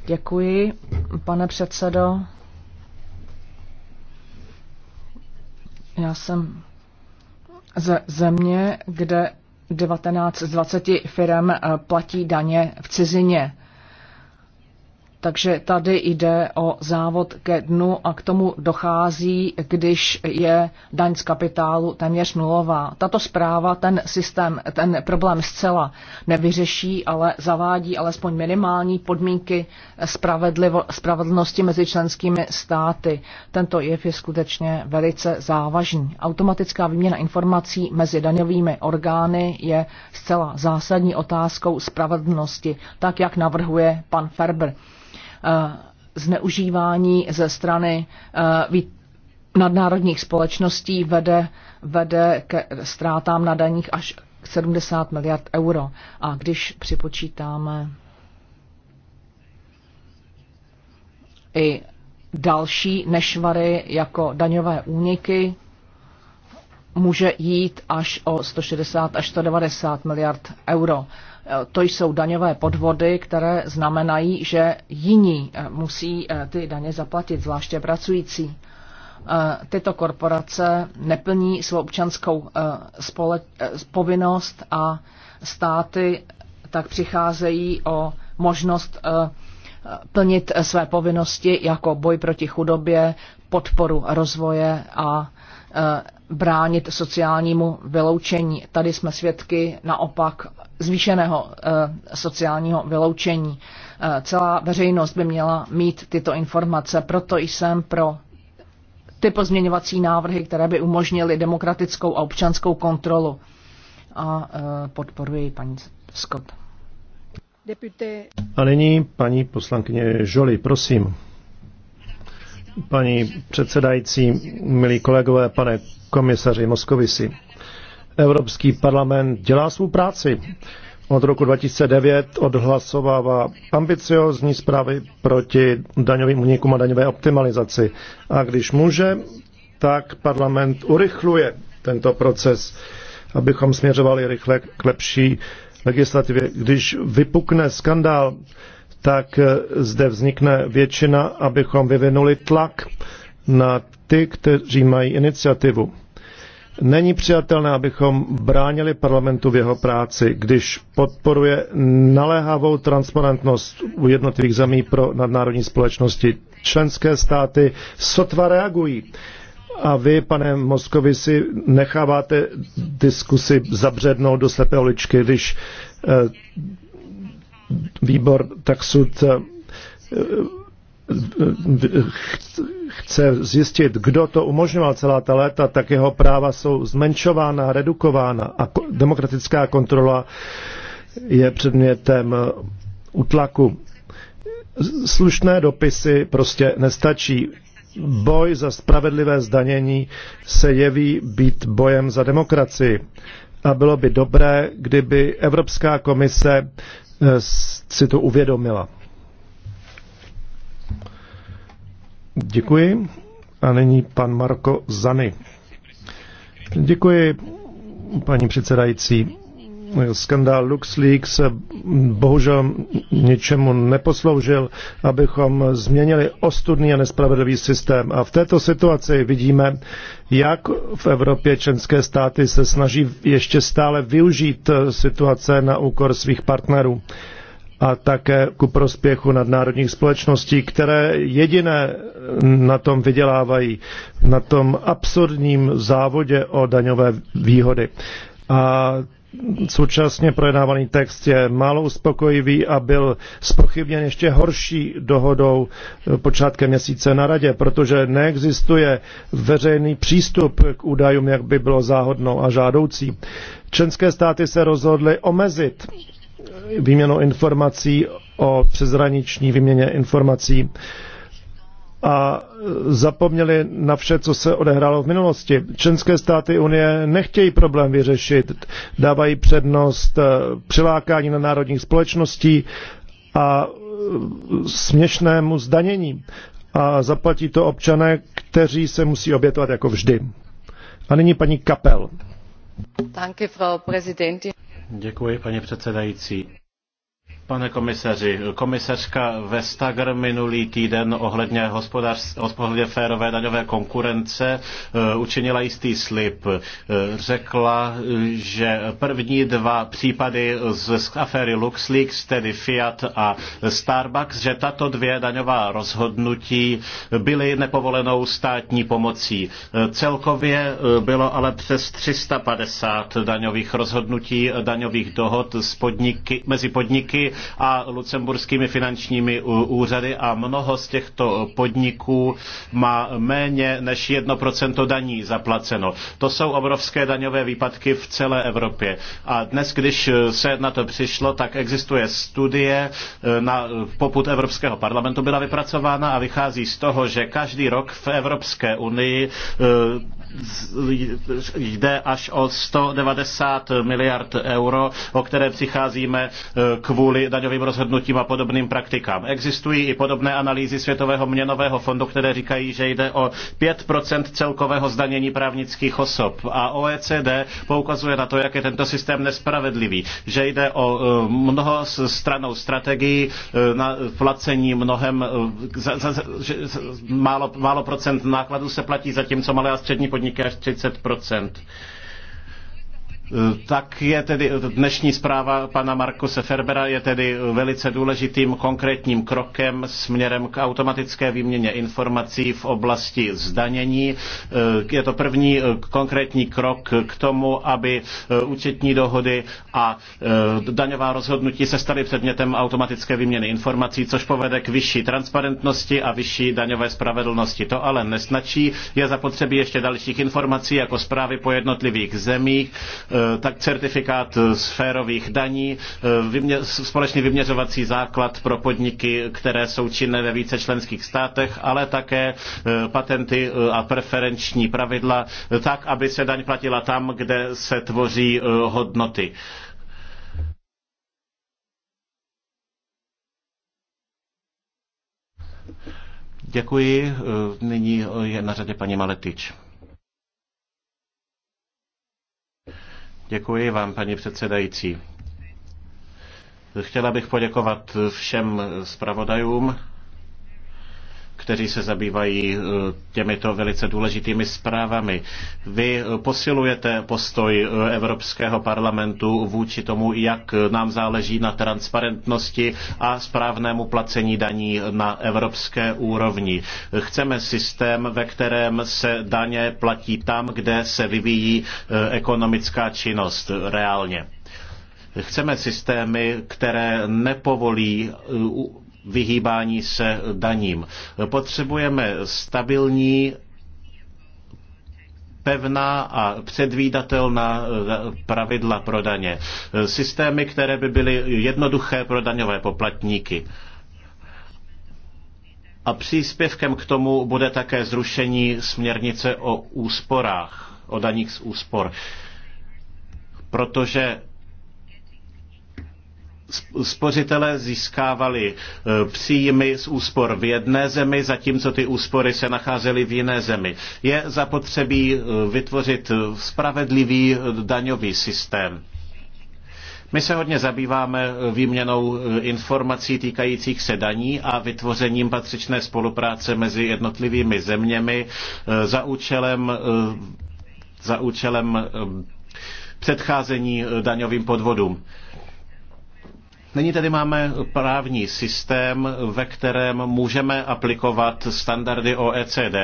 Speaker 3: Děkuji, pane předsedo. Já jsem ze země, kde 19 z 20 firm eh, platí daně v cizině. Takže tady jde o závod ke dnu a k tomu dochází, když je daň z kapitálu téměř nulová. Tato zpráva ten systém, ten problém zcela nevyřeší, ale zavádí alespoň minimální podmínky spravedlnosti mezi členskými státy. Tento jev je skutečně velice závažný. Automatická výměna informací mezi daňovými orgány je zcela zásadní otázkou spravedlnosti, tak jak navrhuje pan Ferber. Eh, zneužívání ze strany eh, nadnárodních společností vede, vede ke ztrátám na daních až 70 miliard euro. A když připočítáme i další nešvary jako daňové úniky, může jít až o 160 až 190 miliard euro. Eh, to jsou daňové podvody, které znamenají, že jiní eh, musí eh, ty daně zaplatit, zvláště pracující tyto korporace neplní svou občanskou spole- povinnost a státy tak přicházejí o možnost plnit své povinnosti jako boj proti chudobě, podporu rozvoje a bránit sociálnímu vyloučení. Tady jsme svědky naopak zvýšeného eh, sociálního vyloučení. Eh, celá veřejnost by měla mít tyto informace, proto jsem pro ty pozměňovací návrhy, které by umožnily demokratickou a občanskou kontrolu. A eh, podporuji paní Scott.
Speaker 2: A nyní paní poslankyně Žoli, prosím paní předsedající, milí kolegové, pane komisaři Moskovisi. Evropský parlament dělá svou práci. Od roku 2009 odhlasovává ambiciozní zprávy proti daňovým únikům a daňové optimalizaci. A když může, tak parlament urychluje tento proces, abychom směřovali rychle k lepší legislativě. Když vypukne skandál tak eh, zde vznikne většina, abychom vyvinuli tlak na ty, kteří mají iniciativu. Není přijatelné, abychom bránili parlamentu v jeho práci, když podporuje naléhavou transparentnost u jednotlivých zemí pro nadnárodní společnosti. Členské státy sotva reagují. A vy, pane Moskovi, si necháváte diskusy zabřednout do slepé uličky, když eh, výbor taxud eh, chce zjistit, kdo to umožňoval celá ta léta, tak jeho práva jsou zmenšována, redukována a demokratická kontrola je předmětem utlaku. Eh, Slušné dopisy prostě nestačí. Boj za spravedlivé zdanění se jeví být bojem za demokracii. A bylo by dobré, kdyby Evropská komise Eh, si to uvědomila. Děkuji. A nyní pan Marko Zany. Děkuji, paní předsedající skandál LuxLeaks bohužel ničemu neposloužil, abychom změnili ostudný a nespravedlivý systém. A v této situaci vidíme, jak v Evropě členské státy se snaží ještě stále využít situace na úkor svých partnerů a také ku prospěchu nadnárodních společností, které jediné na tom vydělávají, na tom absurdním závodě o daňové výhody. A současně projednávaný text je málo uspokojivý a byl spochybněn ještě horší dohodou eh, počátkem měsíce na radě, protože neexistuje veřejný přístup k údajům, jak by bylo záhodno a žádoucí. Členské státy se rozhodly omezit výměnu informací o přezraniční výměně informací a zapomněli na vše, co se odehrálo v minulosti. Členské státy Unie nechtějí problém vyřešit, dávají přednost eh, přilákání na národních společností a eh, směšnému zdanění. A zaplatí to občané, kteří se musí obětovat jako vždy. A nyní paní Kapel.
Speaker 1: Děkuji, paní předsedající Pane komisaři, komisařka Vestager minulý týden ohledně, ohledně férové daňové konkurence eh, učinila jistý slib. Eh, řekla, že první dva případy z aféry LuxLeaks, tedy Fiat a Starbucks, že tato dvě daňová rozhodnutí byly nepovolenou státní pomocí. Eh, celkově bylo ale přes 350 daňových rozhodnutí, daňových dohod podniky, mezi podniky a lucemburskými finančními úřady a mnoho z těchto podniků má méně než 1% daní zaplaceno. To jsou obrovské daňové výpadky v celé Evropě. A dnes, když se na to přišlo, tak existuje studie eh, na poput Evropského parlamentu byla vypracována a vychází z toho, že každý rok v Evropské unii eh, jde až o 190 miliard euro, o které přicházíme eh, kvůli daňovým rozhodnutím a podobným praktikám. Existují i podobné analýzy Světového měnového fondu, které říkají, že jde o 5% celkového zdanění právnických osob. A OECD poukazuje na to, jak je tento systém nespravedlivý, že jde o e, mnoho stranou strategii e, na placení mnohem, e, za, za, že, málo, málo procent nákladů se platí, zatímco malé a střední podniky až 30%. Eh, tak je tedy eh, dnešní zpráva pana Markuse Ferbera je tedy eh, velice důležitým konkrétním krokem směrem k automatické výměně informací v oblasti zdanění. Je to první konkrétní krok k tomu, aby účetní dohody a daňová rozhodnutí se staly předmětem automatické výměny informací, což povede k vyšší transparentnosti a vyšší daňové spravedlnosti. To ale nesnačí. Je zapotřebí ještě dalších informací, jako zprávy po jednotlivých zemích, Eh, tak certifikát sférových eh, daní, eh, vymě, společný vyměřovací základ pro podniky, které jsou činné ve více členských státech, ale také patenty a preferenční pravidla, tak, aby se daň platila tam, kde se tvoří hodnoty. Děkuji. Nyní je na řadě paní Maletič. Děkuji vám, paní předsedající. Chtěla bych poděkovat všem zpravodajům kteří se zabývají eh, těmito velice důležitými zprávami. Vy eh, posilujete postoj eh, Evropského parlamentu vůči tomu, jak nám záleží na transparentnosti a správnému placení daní na evropské úrovni. Chceme systém, ve kterém se daně platí tam, kde se vyvíjí ekonomická činnost reálně. Chceme systémy, které nepovolí vyhýbání se daním. Potřebujeme stabilní pevná a předvídatelná eh, pravidla pro daně. Systémy, které by byly jednoduché pro daňové poplatníky. A příspěvkem k tomu bude také zrušení směrnice o úsporách, o daních z úspor. Protože spořitelé získávali e, příjmy z úspor v jedné zemi, zatímco ty úspory se nacházely v jiné zemi. Je zapotřebí e, vytvořit spravedlivý e, daňový systém. My se hodně zabýváme výměnou informací týkajících se daní a vytvořením patřičné spolupráce mezi jednotlivými zeměmi za účelem, za účelem předcházení daňovým podvodům. Nyní tedy máme právní systém, ve kterém můžeme aplikovat standardy OECD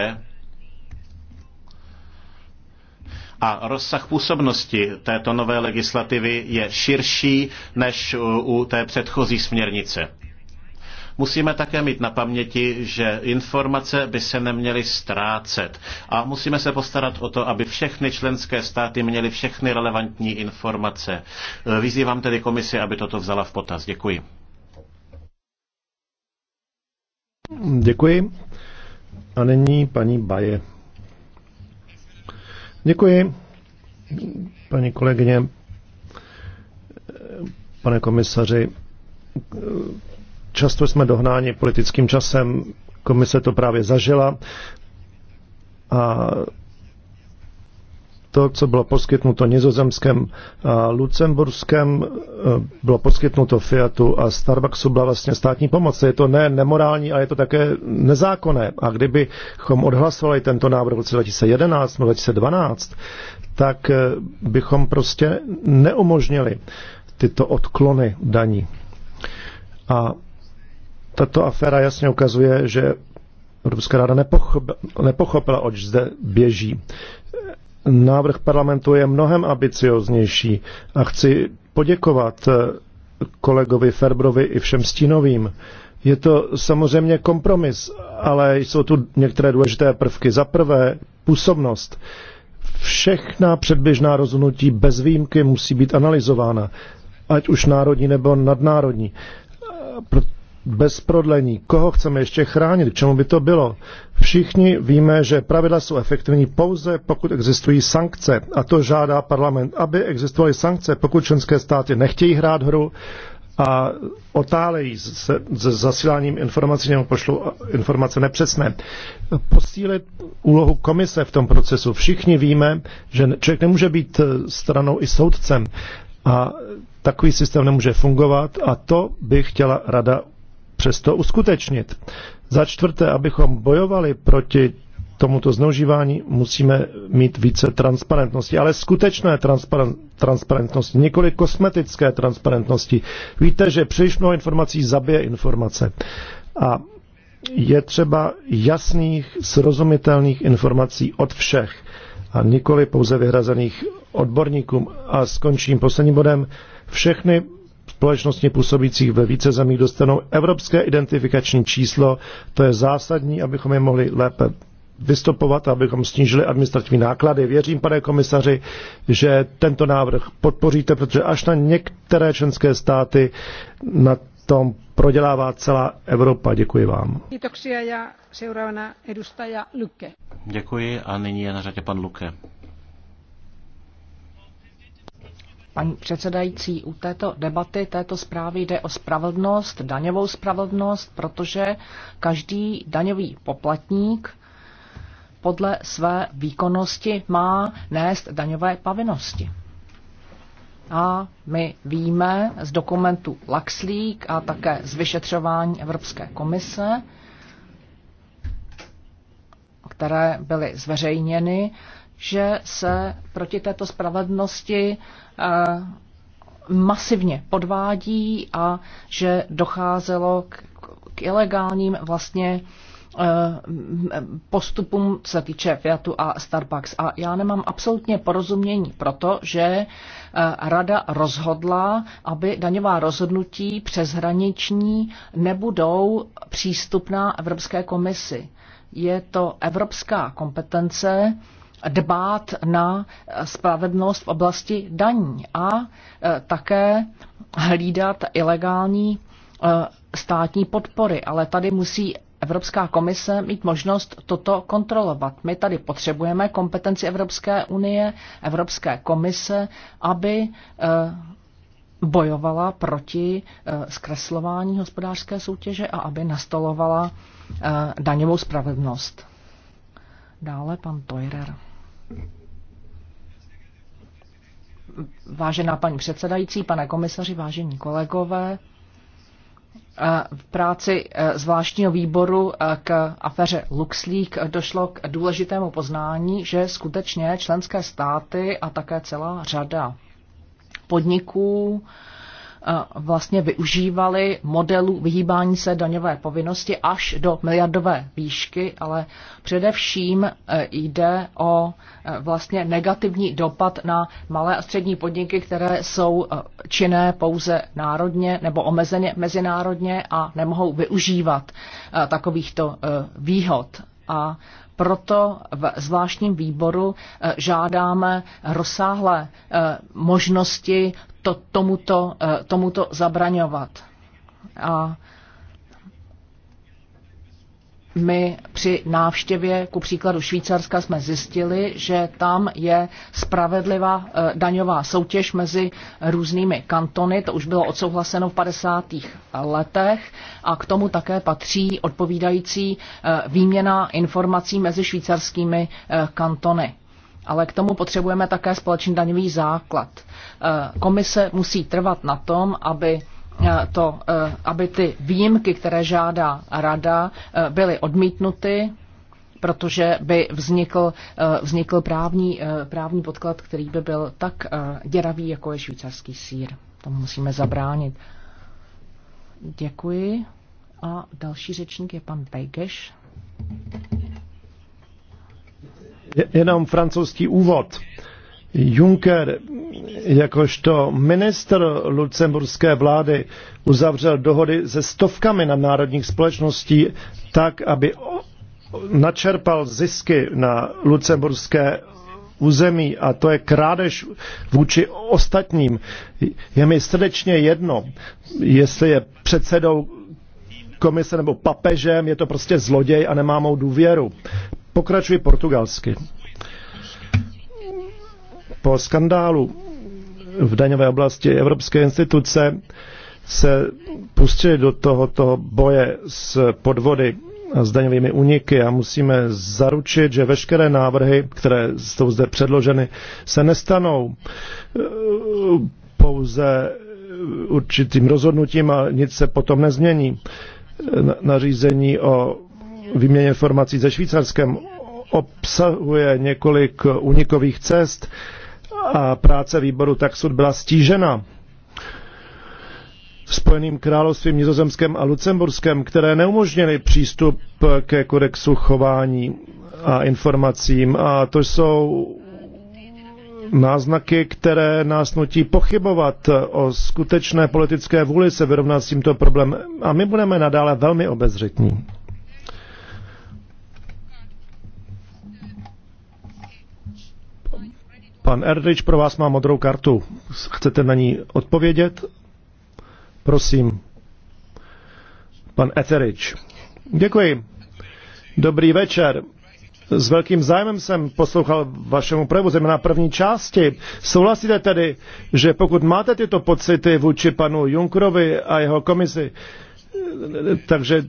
Speaker 1: a rozsah působnosti této nové legislativy je širší než u té předchozí směrnice. Musíme také mít na paměti, že informace by se neměly ztrácet a musíme se postarat o to, aby všechny členské státy měly všechny relevantní informace. E, vyzývám tedy komisi, aby toto vzala v potaz. Děkuji.
Speaker 2: Děkuji. A nyní paní Baje. Děkuji, paní kolegyně, pane komisaři. Často jsme dohnáni politickým časem, komise to právě zažila a to, co bylo poskytnuto nizozemském a lucemburském, e, bylo poskytnuto Fiatu a Starbucksu byla vlastně státní pomoc. Je to ne nemorální, ale je to také nezákonné. A kdybychom odhlasovali tento návrh v roce 2011 nebo 2012, tak e, bychom prostě neumožnili tyto odklony daní. A tato aféra jasně ukazuje, že Evropská ráda nepochopila, nepochopila, oč zde běží. Návrh parlamentu je mnohem ambicioznější a chci poděkovat kolegovi Ferbrovi i všem stínovým. Je to samozřejmě kompromis, ale jsou tu některé důležité prvky. Za prvé, působnost. Všechna předběžná rozhodnutí bez výjimky musí být analyzována, ať už národní nebo nadnárodní. Proto bez prodlení. Koho chceme ještě chránit? K čemu by to bylo? Všichni víme, že pravidla jsou efektivní pouze, pokud existují sankce. A to žádá parlament, aby existovaly sankce, pokud členské státy nechtějí hrát hru a otálejí se, se zasíláním informací nebo pošlou informace nepřesné. Posílit úlohu komise v tom procesu. Všichni víme, že člověk nemůže být eh, stranou i soudcem. A takový systém nemůže fungovat a to by chtěla rada přesto uskutečnit. Za čtvrté, abychom bojovali proti tomuto zneužívání, musíme mít více transparentnosti, ale skutečné transparent, transparentnosti, nikoli kosmetické transparentnosti. Víte, že příliš mnoho informací zabije informace. A je třeba jasných, srozumitelných informací od všech a nikoli pouze vyhrazených odborníkům. A skončím posledním bodem. Všechny společností působících ve více zemích dostanou evropské identifikační číslo. To je zásadní, abychom je mohli lépe vystupovat, abychom snížili administrativní náklady. Věřím, pane komisaři, že tento návrh podpoříte, protože až na některé členské státy na tom prodělává celá Evropa. Děkuji vám.
Speaker 1: Děkuji a nyní je na řadě pan Luke.
Speaker 3: Paní předsedající, u této debaty, této zprávy jde o spravedlnost, daňovou spravedlnost, protože každý daňový poplatník podle své výkonnosti má nést daňové povinnosti. A my víme z dokumentu Laxlík a také z vyšetřování Evropské komise, které byly zveřejněny, že se proti této spravedlnosti eh, masivně podvádí a že docházelo k, k ilegálním vlastně eh, postupům, co se týče Fiatu a Starbucks. A já nemám absolutně porozumění, protože eh, rada rozhodla, aby daňová rozhodnutí hraniční nebudou přístupná Evropské komisi. Je to evropská kompetence, dbát na spravedlnost v oblasti daní a e, také hlídat ilegální e, státní podpory. Ale tady musí Evropská komise mít možnost toto kontrolovat. My tady potřebujeme kompetenci Evropské unie, Evropské komise, aby e, bojovala proti zkreslování hospodářské soutěže a aby nastolovala daňovou spravedlnost. Dále pan Teurer. Vážená paní předsedající, pane komisaři, vážení kolegové, eh, v práci eh, zvláštního výboru eh, k afeře Luxleak došlo k důležitému poznání, že skutečně členské státy a také celá řada podniků Eh, vlastně využívali modelu vyhýbání se daňové povinnosti až do miliardové výšky, ale především eh, jde o eh, vlastně negativní dopad na malé a střední podniky, které jsou činné pouze národně nebo omezeně mezinárodně a nemohou využívat takovýchto výhod. A proto v zvláštním výboru žádáme rozsáhlé možnosti to, tomuto, eh, tomuto zabraňovat. A my při návštěvě, ku příkladu Švýcarska, jsme zjistili, že tam je spravedlivá eh, daňová soutěž mezi různými kantony. To už bylo odsouhlaseno v 50. letech a k tomu také patří odpovídající eh, výměna informací mezi švýcarskými kantony ale k tomu potřebujeme také společný daňový základ. E, komise musí trvat na tom, aby e, to, e, aby ty výjimky, které žádá rada, byly odmítnuty, protože by vznikl, vznikl právní, právní podklad, který by byl tak děravý, jako je švýcarský sír. Tomu musíme zabránit. Děkuji. A další řečník je pan Bejgeš
Speaker 2: jenom francouzský úvod. Juncker jakožto minister lucemburské vlády uzavřel dohody se stovkami nadnárodních společností tak, aby načerpal zisky na lucemburské území a to je krádež vůči ostatním. Je mi srdečně jedno, jestli je předsedou komise nebo papežem, je to prostě zloděj a nemá mou důvěru. Pokračuji portugalsky. Po skandálu v daňové oblasti evropské instituce se pustili do tohoto boje s podvody a s daňovými úniky a musíme zaručit, že veškeré návrhy, které jsou zde předloženy, se nestanou eh, pouze eh, určitým rozhodnutím a nic se potom nezmění. Nařízení o výměně informací se Švýcarskem obsahuje několik unikových cest a práce výboru Taxud byla stížena. Spojeným královstvím, Nizozemském a Lucemburském, které neumožnily přístup ke kodexu chování a informacím. A to jsou náznaky, které nás nutí pochybovat o skutečné politické vůli se vyrovnat s tímto problémem. A my budeme nadále velmi obezřetní. Pan Erdrich pro vás má modrou kartu. Chcete na ní odpovědět? Prosím. Pan Etherich. Děkuji. Dobrý večer. S velkým zájmem jsem poslouchal vašemu projevu, zejména první části. Souhlasíte tedy, že pokud máte tyto pocity vůči panu Junkerovi a jeho komisi, takže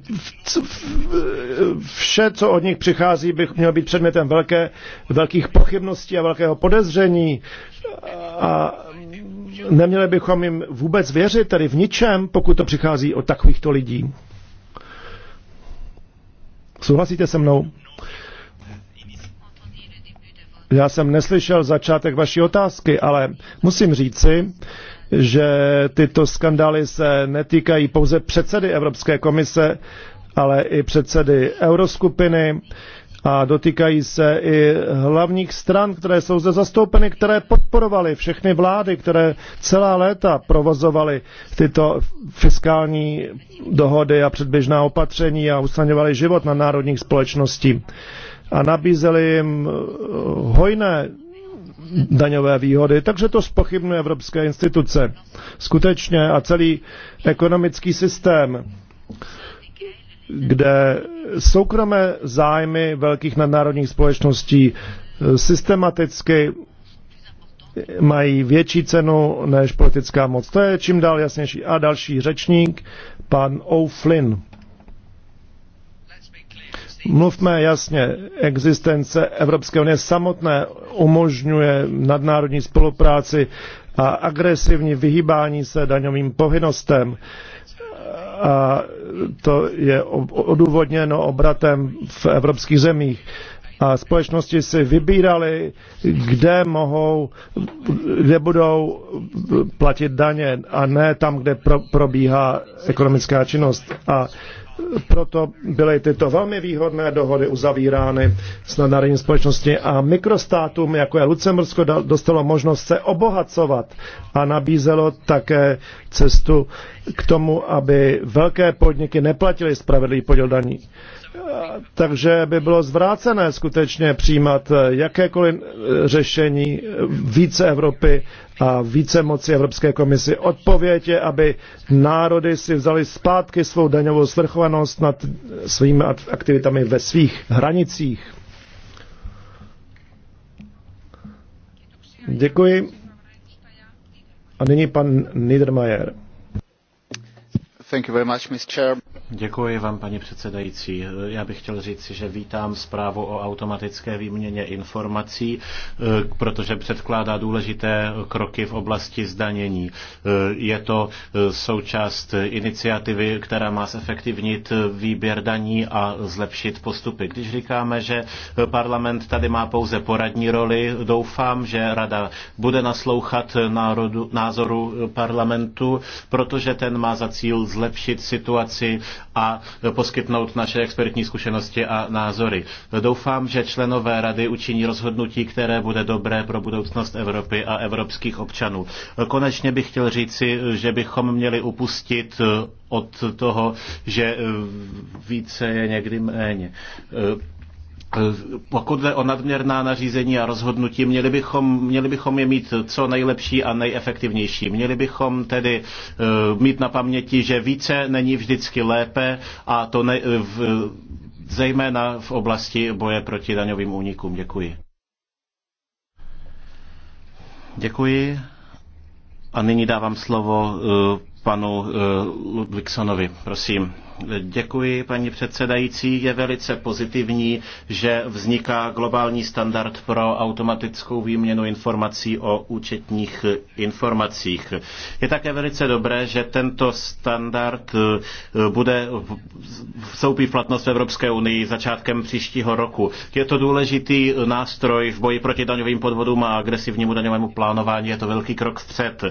Speaker 2: vše, co od nich přichází, bych mělo být předmětem velké, velkých pochybností a velkého podezření a neměli bychom jim vůbec věřit, tady v ničem, pokud to přichází od takovýchto lidí. Souhlasíte se mnou? Já jsem neslyšel začátek vaší otázky, ale musím říci, že tyto skandály se netýkají pouze předsedy Evropské komise, ale i předsedy Euroskupiny a dotýkají se i hlavních stran, které jsou zde zastoupeny, které podporovaly všechny vlády, které celá léta provozovaly tyto fiskální dohody a předběžná opatření a usnaňovaly život na národních společností a nabízeli jim eh, hojné daňové výhody, takže to spochybnuje evropské instituce. Skutečně a celý ekonomický systém, kde soukromé zájmy velkých nadnárodních společností eh, systematicky mají větší cenu než politická moc. To je čím dál jasnější. A další řečník, pan O'Flynn. Mluvme jasně, existence Evropské unie samotné umožňuje nadnárodní spolupráci a agresivní vyhýbání se daňovým povinnostem. A to je odůvodněno obratem v evropských zemích. A společnosti si vybírali, kde mohou, kde budou platit daně a ne tam, kde pro, probíhá ekonomická činnost. A proto byly tyto velmi výhodné dohody uzavírány s nadnárodní společnosti a mikrostátům, jako je Lucembursko, dostalo možnost se obohacovat a nabízelo také cestu k tomu, aby velké podniky neplatily spravedlivý podíl daní. Takže by bylo zvrácené skutečně přijímat eh, jakékoliv eh, řešení eh, více Evropy a více moci Evropské komisi. Odpověď je, aby národy si vzali zpátky svou daňovou svrchovanost nad svými aktivitami ve svých hranicích. Děkuji. A nyní pan Niedermayer.
Speaker 1: Thank you very much, Mr. Chair. Děkuji vám, paní předsedající. Já bych chtěl říct, že vítám zprávu o automatické výměně informací, eh, protože předkládá důležité kroky v oblasti zdanění. Eh, je to eh, součást iniciativy, která má zefektivnit výběr daní a zlepšit postupy. Když říkáme, že parlament tady má pouze poradní roli, doufám, že rada bude naslouchat národu, názoru parlamentu, protože ten má za cíl zlepšit situaci a poskytnout naše expertní zkušenosti a názory. Doufám, že členové rady učiní rozhodnutí, které bude dobré pro budoucnost Evropy a evropských občanů. Konečně bych chtěl říci, že bychom měli upustit od toho, že více je někdy méně. Eh, pokud jde o nadměrná nařízení a rozhodnutí, měli bychom, měli bychom je mít co nejlepší a nejefektivnější. Měli bychom tedy eh, mít na paměti, že více není vždycky lépe a to ne, eh, v, zejména v oblasti boje proti daňovým únikům. Děkuji. Děkuji. A nyní dávám slovo panu Ludvíksonovi. Prosím. Děkuji, paní předsedající. Je velice pozitivní, že vzniká globální standard pro automatickou výměnu informací o účetních informacích. Je také velice dobré, že tento standard eh, bude vstoupí v platnost v Evropské unii začátkem příštího roku. Je to důležitý nástroj v boji proti daňovým podvodům a agresivnímu daňovému plánování. Je to velký krok vpřed.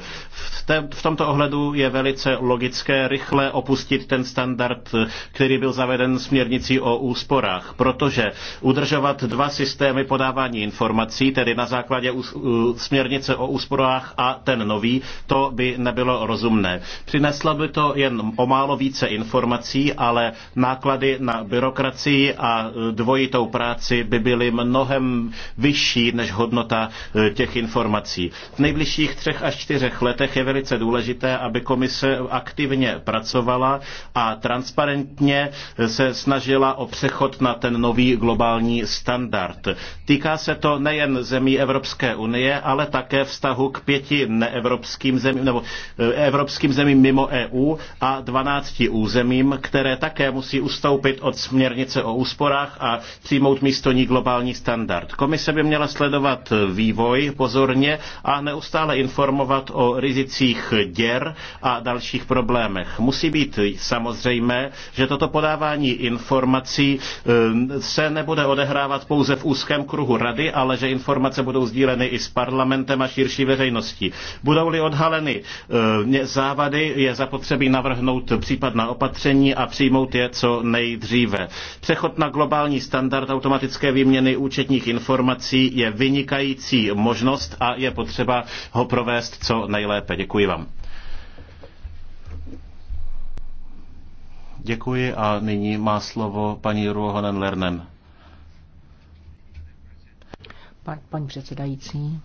Speaker 1: V, v tomto ohledu je velice logické rychle opustit ten standard standard, který byl zaveden směrnicí o úsporách, protože udržovat dva systémy podávání informací, tedy na základě směrnice o úsporách a ten nový, to by nebylo rozumné. Přineslo by to jen o málo více informací, ale náklady na byrokracii a e, dvojitou práci by byly mnohem vyšší než hodnota e, těch informací. V nejbližších třech až čtyřech letech je velice důležité, aby komise aktivně pracovala a trans transparentně se snažila o přechod na ten nový globální standard. Týká se to nejen zemí Evropské unie, ale také vztahu k pěti neevropským zemím, nebo eh, evropským zemím mimo EU a 12 územím, které také musí ustoupit od směrnice o úsporách a přijmout místo ní globální standard. Komise by měla sledovat vývoj pozorně a neustále informovat o rizicích děr a dalších problémech. Musí být samozřejmé, že toto podávání informací eh, se nebude odehrávat pouze v úzkém kruhu rady, ale že informace budou sdíleny i s parlamentem a širší veřejností. Budou-li odhaleny eh, závady, je zapotřebí navrhnout případná opatření a přijmout je co nejdříve. Přechod na globální standard automatické výměny účetních informací je vynikající možnost a je potřeba ho provést co nejlépe. Děkuji vám. Děkuji a nyní má slovo paní Ruohonen Lernen.
Speaker 3: Pan, paní předsedající,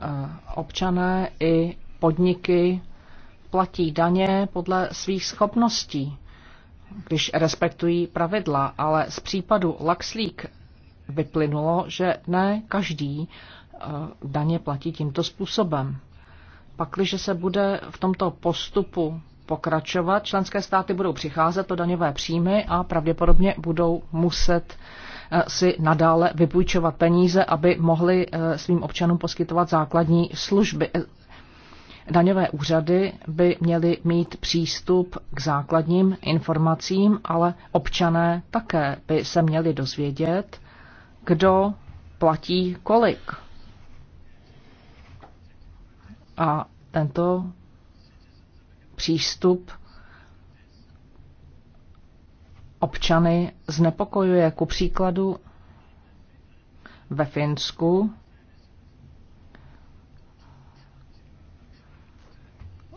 Speaker 3: eh, občané i podniky platí daně podle svých schopností, když respektují pravidla, ale z případu Luxleak vyplynulo, že ne každý eh, daně platí tímto způsobem. Pakliže se bude v tomto postupu pokračovat, členské státy budou přicházet o daňové příjmy a pravděpodobně budou muset eh, si nadále vypůjčovat peníze, aby mohli eh, svým občanům poskytovat základní služby. Eh, daňové úřady by měly mít přístup k základním informacím, ale občané také by se měli dozvědět, kdo platí kolik a tento přístup občany znepokojuje. Ku příkladu ve Finsku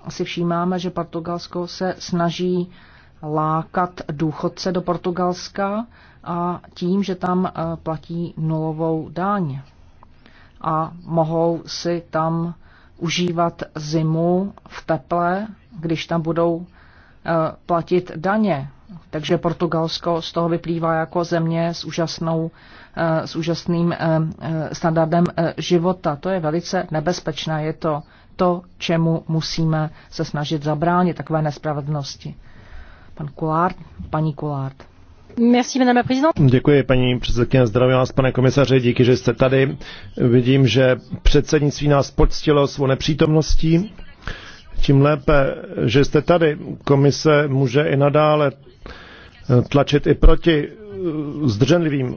Speaker 3: si všímáme, že Portugalsko se snaží lákat důchodce do Portugalska a tím, že tam eh, platí nulovou daň a mohou si tam užívat zimu v teple, když tam budou eh, platit daně. Takže Portugalsko z toho vyplývá jako země s, úžasnou, eh, s úžasným eh, standardem života. To je velice nebezpečné. Je to to, čemu musíme se snažit zabránit takové nespravedlnosti. Pan Kulárd, paní Kulárd.
Speaker 2: Děkuji, paní předsedkyně. Zdravím vás, pane komisaři, díky, že jste tady. Vidím, že předsednictví nás poctilo svou nepřítomností. Tím lépe, že jste tady. Komise může i nadále tlačit i proti zdrženlivým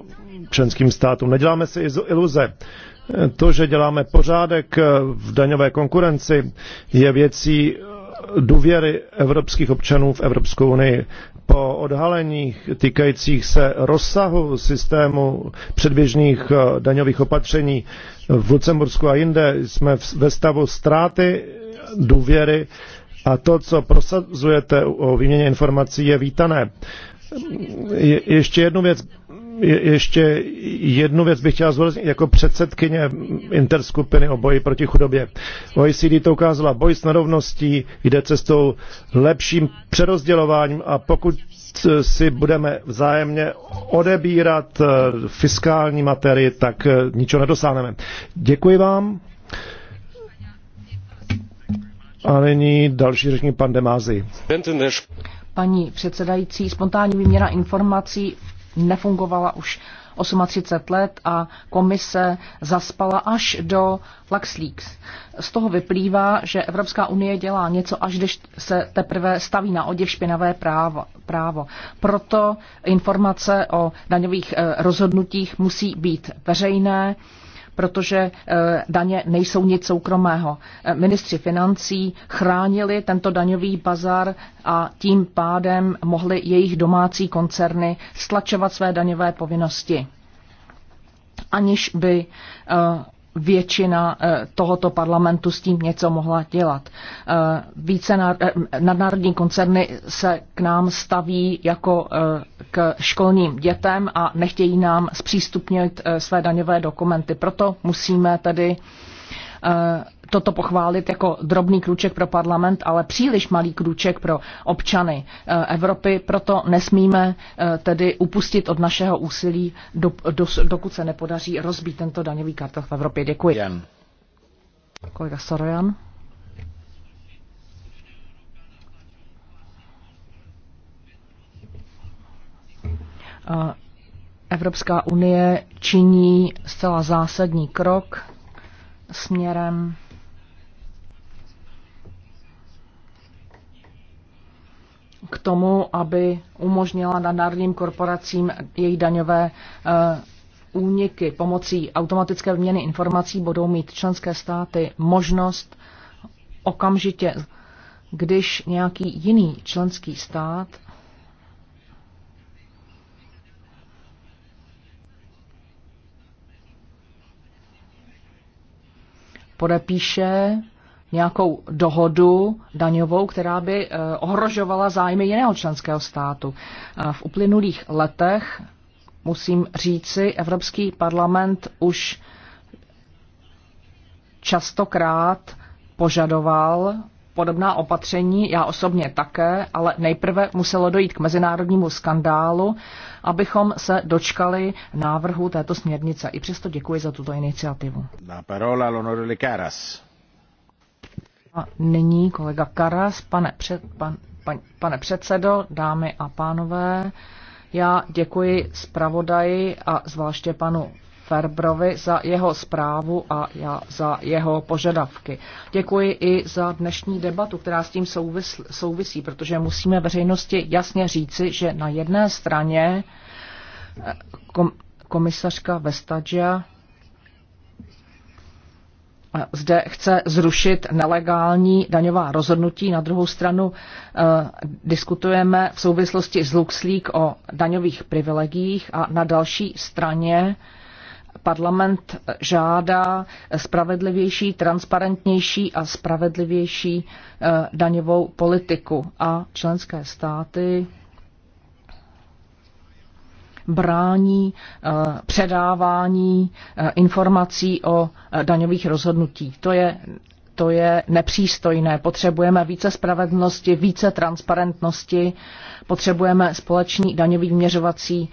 Speaker 2: členským státům. Neděláme si iluze. To, že děláme pořádek v daňové konkurenci, je věcí důvěry evropských občanů v Evropskou unii po odhaleních týkajících se rozsahu systému předběžných eh, daňových opatření v Lucembursku a jinde jsme ve stavu ztráty důvěry a to, co prosazujete o výměně informací, je vítané. Je, ještě jednu věc je, ještě jednu věc bych chtěla zvolit jako předsedkyně interskupiny o boji proti chudobě. OECD to ukázala, boj s nerovností jde cestou lepším přerozdělováním a pokud si budeme vzájemně odebírat eh, fiskální materii, tak eh, ničeho nedosáhneme. Děkuji vám. A nyní další řečník pan Demázy.
Speaker 3: Paní předsedající, spontánní výměna informací nefungovala už 38 let a komise zaspala až do LuxLeaks. Z toho vyplývá, že Evropská unie dělá něco, až když se teprve staví na oděv špinavé právo. právo. Proto informace o daňových eh, rozhodnutích musí být veřejné protože eh, daně nejsou nic soukromého. Eh, ministři financí chránili tento daňový bazar a tím pádem mohly jejich domácí koncerny stlačovat své daňové povinnosti aniž by eh, většina eh, tohoto parlamentu s tím něco mohla dělat. Eh, více eh, nadnárodní koncerny se k nám staví jako k školním dětem a nechtějí nám zpřístupnit své daňové dokumenty. Proto musíme tedy Eh, toto pochválit jako drobný kruček pro parlament, ale příliš malý kruček pro občany eh, Evropy, proto nesmíme eh, tedy upustit od našeho úsilí, dokud se nepodaří rozbít tento daňový kartel v Evropě. Děkuji. Jan. Kolega Sorojan. Evropská unie činí zcela zásadní krok směrem k tomu, aby umožnila nadnárodním korporacím jejich daňové eh, úniky pomocí automatické vměny informací budou mít členské státy možnost okamžitě, když nějaký jiný členský stát podepíše nějakou dohodu daňovou, která by eh, ohrožovala zájmy jiného členského státu. Eh, v uplynulých letech, musím říci, Evropský parlament už častokrát požadoval podobná opatření, já osobně také, ale nejprve muselo dojít k mezinárodnímu skandálu, abychom se dočkali návrhu této směrnice. I přesto děkuji za tuto iniciativu.
Speaker 1: La parola l'onorevole Caras.
Speaker 3: A nyní kolega Karas, pane, před, pan, pan, pane předsedo, dámy a pánové, já děkuji zpravodaji a zvláště panu Ferbrovi za jeho zprávu a já za jeho požadavky. Děkuji i za dnešní debatu, která s tím souvisl, souvisí, protože musíme veřejnosti jasně říci, že na jedné straně eh, kom, komisařka Vestagia eh, zde chce zrušit nelegální daňová rozhodnutí. Na druhou stranu eh, diskutujeme v souvislosti s LuxLeak o daňových privilegiích a na další straně eh, parlament žádá spravedlivější, transparentnější a spravedlivější eh, daňovou politiku a členské státy brání eh, předávání eh, informací o daňových rozhodnutí. To je to je nepřístojné. Potřebujeme více spravedlnosti, více transparentnosti, potřebujeme společný daňový měřovací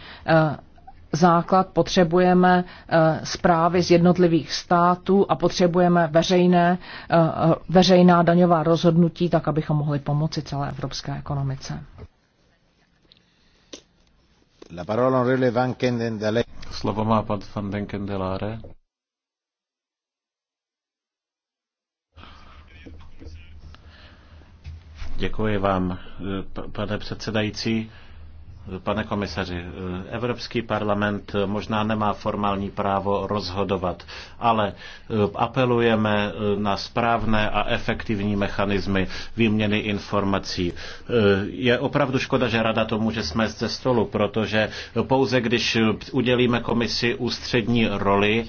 Speaker 3: základ potřebujeme eh, zprávy z jednotlivých států a potřebujeme veřejné, eh, veřejná daňová rozhodnutí, tak abychom mohli pomoci celé evropské ekonomice.
Speaker 1: La parola onorevole Van Kendendale. Slovo má pan Van den Kendelare. Děkuji vám, eh, pane předsedající. Pane komisaři, Evropský parlament možná nemá formální právo rozhodovat, ale e, apelujeme e, na správné a efektivní mechanismy výměny informací. E, je opravdu škoda, že rada to může smést ze stolu, protože pouze když udělíme komisi ústřední roli,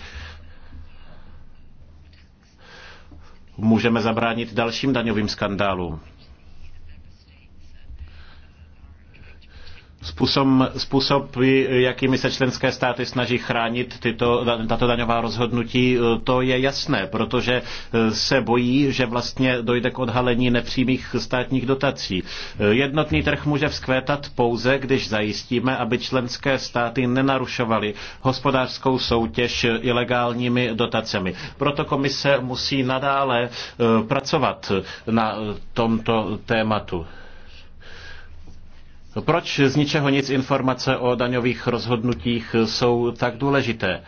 Speaker 1: můžeme zabránit dalším daňovým skandálům. Způsob, způsob, jakými se členské státy snaží chránit tyto, tato daňová rozhodnutí, eh, to je jasné, protože eh, se bojí, že vlastně dojde k odhalení nepřímých státních dotací. Eh, jednotný trh může vzkvétat pouze, když zajistíme, aby členské státy nenarušovaly hospodářskou soutěž ilegálními dotacemi. Proto komise musí nadále pracovat na tomto tématu. No proč z ničeho nic informace o daňových rozhodnutích jsou tak důležité? E,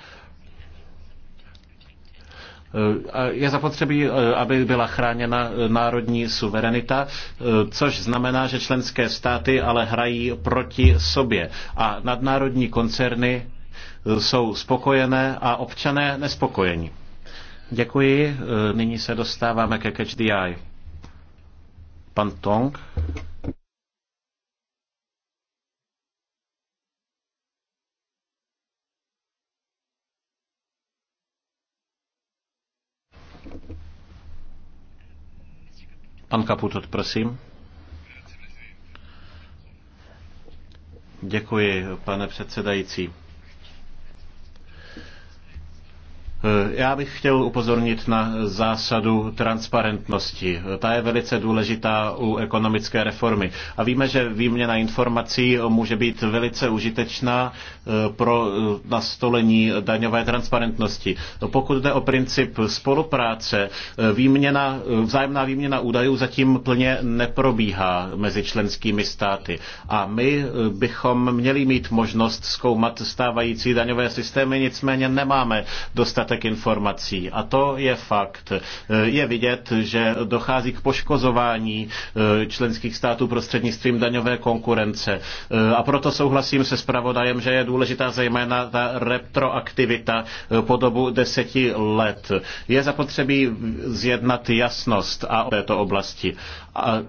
Speaker 1: je zapotřebí, e, aby byla chráněna národní suverenita, e, což znamená, že členské státy ale hrají proti sobě a nadnárodní koncerny jsou spokojené a občané nespokojení. Děkuji. Nyní se dostáváme ke Catch the Eye. Pan Tong. Pan Kaputot, prosím. Děkuji, pane předsedající. Eh, já bych chtěl upozornit na zásadu transparentnosti. Ta je velice důležitá u ekonomické reformy. A víme, že výměna informací může být velice užitečná eh, pro eh, nastolení daňové transparentnosti. Pokud jde o princip spolupráce, výměna, vzájemná výměna údajů zatím plně neprobíhá mezi členskými státy. A my bychom měli mít možnost zkoumat stávající daňové systémy, nicméně nemáme dostatek nedostatek informací. A to je fakt. Eh, je vidět, že dochází k poškozování eh, členských států prostřednictvím daňové konkurence. Eh, a proto souhlasím se zpravodajem, že je důležitá zejména ta retroaktivita po dobu deseti let. Je zapotřebí zjednat jasnost a o této oblasti. A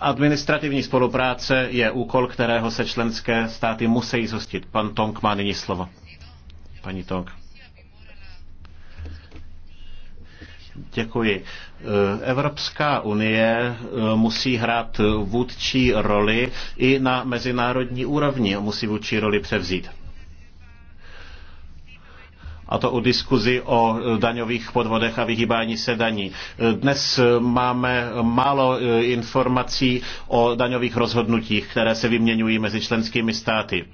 Speaker 1: Administrativní spolupráce je úkol, kterého se členské státy musí zhostit. Pan Tonk má nyní slovo. Paní Tong. Děkuji. Eh, Evropská unie eh, musí hrát vůdčí roli i na mezinárodní úrovni, musí vůdčí roli převzít a to o diskuzi o eh, daňových podvodech a vyhýbání se daní. Dnes máme málo informací o daňových rozhodnutích, které se vyměňují mezi členskými státy.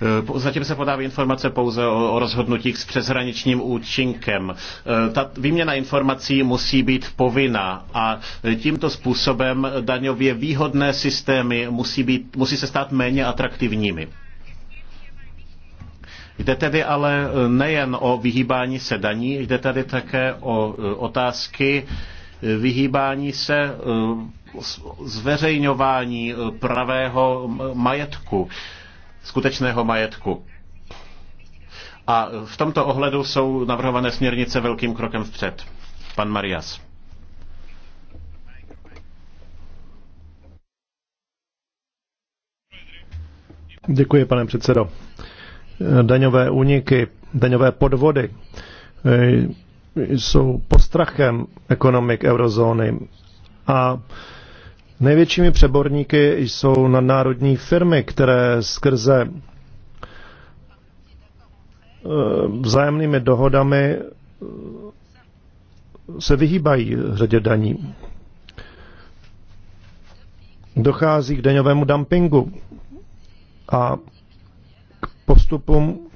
Speaker 1: Eh, zatím se podávají informace pouze o, o rozhodnutích s přeshraničním účinkem. Eh, ta výměna informací musí být povinná a eh, tímto způsobem daňově výhodné systémy musí, být, musí se stát méně atraktivními. Jde tedy ale nejen o vyhýbání se daní, jde tady také o otázky vyhýbání se zveřejňování pravého majetku skutečného majetku. A v tomto ohledu jsou navrhované směrnice velkým krokem vpřed. Pan Marias.
Speaker 2: Děkuji, pane předsedo. Daňové úniky, daňové podvody eh, jsou postrachem ekonomik eurozóny a Největšími přeborníky jsou nadnárodní firmy, které skrze eh, vzájemnými dohodami eh, se vyhýbají řadě daní. Dochází k daňovému dumpingu a k postupům,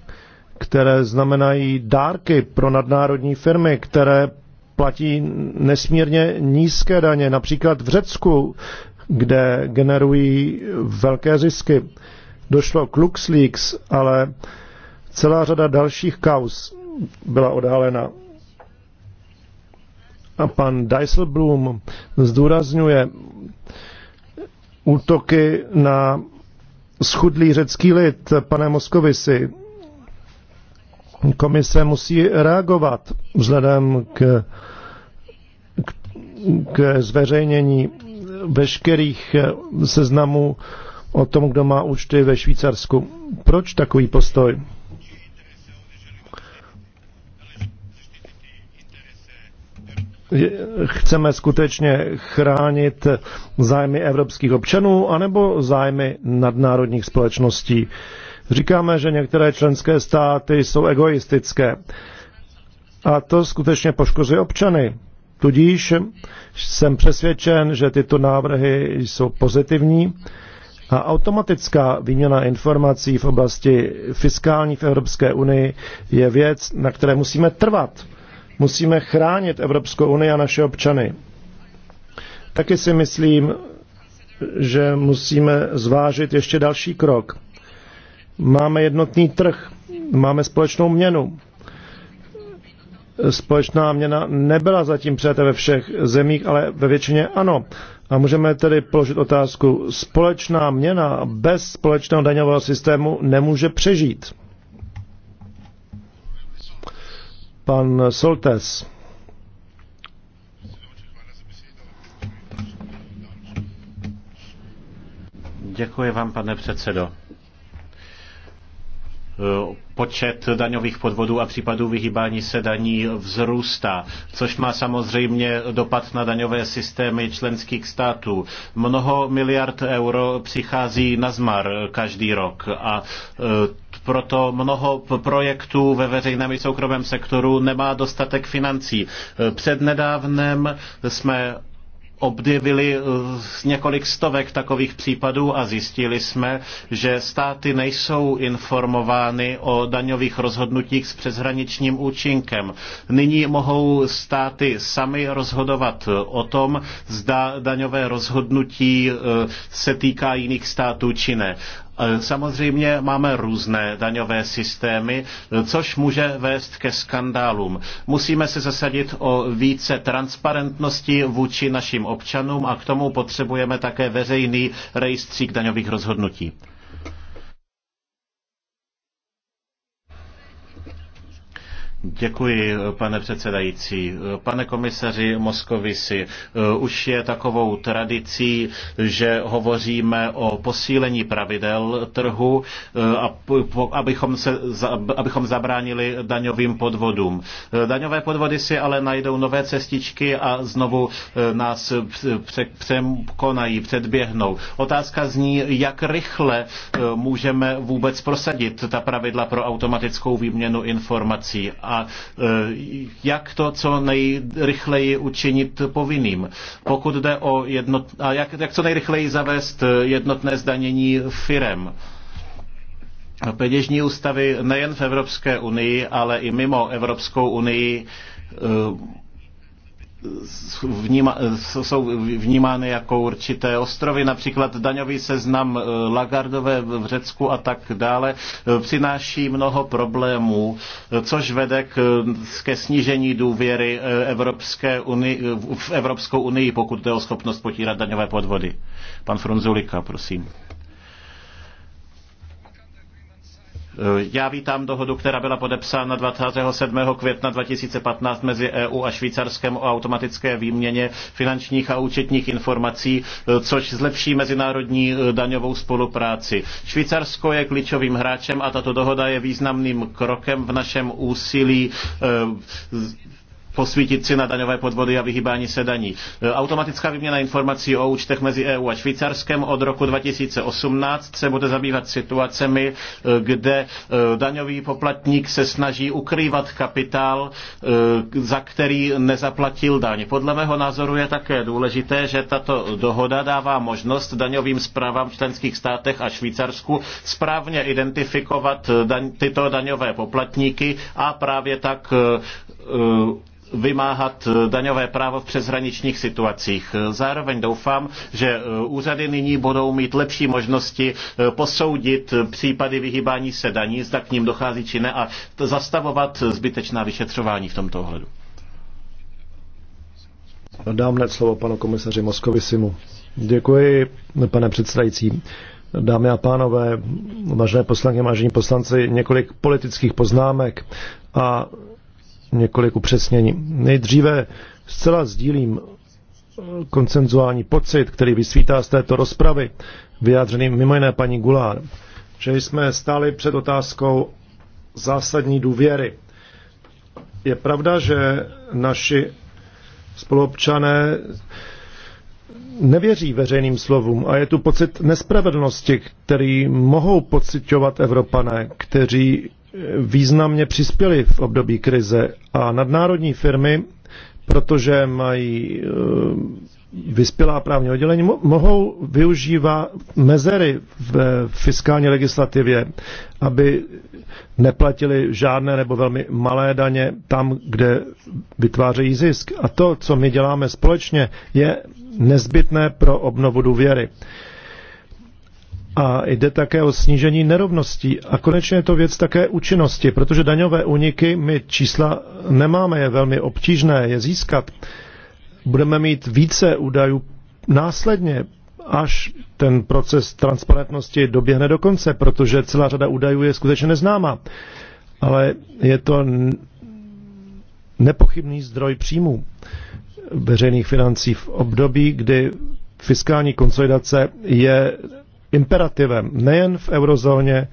Speaker 2: které znamenají dárky pro nadnárodní firmy, které platí nesmírně nízké daně, například v Řecku, kde generují velké zisky. Došlo k LuxLeaks, ale celá řada dalších kaus byla odhalena. A pan Dijsselbloom zdůrazňuje útoky na schudlý řecký lid, pane Moskovisi, komise musí reagovat vzhledem k, k, k zveřejnění veškerých seznamů o tom, kdo má účty ve Švýcarsku. Proč takový postoj? Chceme skutečně chránit zájmy evropských občanů anebo zájmy nadnárodních společností? Říkáme, že některé členské státy jsou egoistické. A to skutečně poškozuje občany. Tudíž jsem přesvědčen, že tyto návrhy jsou pozitivní a automatická výměna informací v oblasti fiskální v Evropské unii je věc, na které musíme trvat. Musíme chránit Evropskou unii a naše občany. Taky si myslím, že musíme zvážit ještě další krok. Máme jednotný trh, máme společnou měnu. Společná měna nebyla zatím přijata ve všech zemích, ale ve většině ano. A můžeme tedy položit otázku, společná měna bez společného daňového systému nemůže přežít. Pan Soltes.
Speaker 1: Děkuji vám, pane předsedo. Eh, počet daňových podvodů a případů vyhýbání se daní vzrůstá, což má samozřejmě dopad na daňové systémy členských států. Mnoho miliard euro přichází na zmar každý rok a eh, proto mnoho projektů ve veřejném i soukromém sektoru nemá dostatek financí. Eh, nedávnem jsme objevili eh, několik stovek takových případů a zjistili jsme, že státy nejsou informovány o daňových rozhodnutích s přeshraničním účinkem. Nyní mohou státy sami rozhodovat eh, o tom, zda daňové rozhodnutí eh, se týká jiných států či ne. Eh, samozřejmě máme různé daňové systémy, eh, což může vést ke skandálům. Musíme se zasadit o více transparentnosti vůči našim občanům a k tomu potřebujeme také veřejný rejstřík daňových rozhodnutí. Děkuji, pane předsedající. Pane komisaři Moskovisi, už je takovou tradicí, že hovoříme o posílení pravidel trhu, eh, abychom, se, abychom zabránili daňovým podvodům. Eh, daňové podvody si ale najdou nové cestičky a znovu eh, nás překonají, předběhnou. Otázka zní, jak rychle můžeme vůbec prosadit ta pravidla pro automatickou výměnu informací. A a e, jak to co nejrychleji učinit povinným. Pokud jde o jednot, a jak, jak co nejrychleji zavést jednotné zdanění firem. Peněžní ústavy nejen v Evropské unii, ale i mimo Evropskou unii e, vníma, jsou vnímány jako určité ostrovy, například daňový seznam eh, Lagardové v Řecku a tak dále, eh, přináší mnoho problémů, eh, což vede k, ke snížení důvěry Evropské unii, v Evropskou unii, pokud jde o schopnost potírat daňové podvody. Pan Frunzulika, prosím. Já vítám dohodu, která byla podepsána 27. května 2015 mezi EU a Švýcarskem o automatické výměně finančních a účetních informací, což zlepší mezinárodní eh, daňovou spolupráci. Švýcarsko je klíčovým hráčem a tato dohoda je významným krokem v našem úsilí eh, posvítit si na daňové podvody a vyhýbání se daní. E, automatická výměna informací o účtech mezi EU a Švýcarskem od roku 2018 se bude zabývat situacemi, e, kde e, daňový poplatník se snaží ukrývat kapitál, za který nezaplatil daň. Podle mého názoru je také důležité, že tato dohoda dává možnost daňovým zprávám v členských státech a Švýcarsku správně identifikovat daň, tyto daňové poplatníky a právě tak vymáhat eh, daňové právo v přeshraničních situacích. Zároveň doufám, že eh, úřady nyní budou mít lepší možnosti eh, posoudit případy vyhýbání se daní, zda k ním dochází či ne, a zastavovat zbytečná vyšetřování v tomto ohledu.
Speaker 2: Dám hned slovo panu komisaři Moskovisimu. Děkuji, pane předsedající. Dámy a pánové, vážené poslankyně, vážení poslanci, několik politických poznámek a několik upřesnění. Nejdříve zcela sdílím eh, koncenzuální pocit, který vysvítá z této rozpravy, vyjádřený mimo jiné paní Gulár, že jsme stáli před otázkou zásadní důvěry. Je pravda, že naši spoluobčané nevěří veřejným slovům a je tu pocit nespravedlnosti, který mohou pocitovat Evropané, kteří významně přispěly v období krize a nadnárodní firmy, protože mají eh, vyspělá právní oddělení, mohou využívat mezery v fiskální legislativě, aby neplatili žádné nebo velmi malé daně tam, kde vytvářejí zisk. A to, co my děláme společně, je nezbytné pro obnovu důvěry. A jde také o snížení nerovností. A konečně je to věc také účinnosti, protože daňové úniky, my čísla nemáme, je velmi obtížné je získat. Budeme mít více údajů následně, až ten proces transparentnosti doběhne do konce, protože celá řada údajů je skutečně neznáma. Ale je to nepochybný zdroj příjmů veřejných financí v období, kdy fiskální konsolidace je imperativem nejen v eurozóně,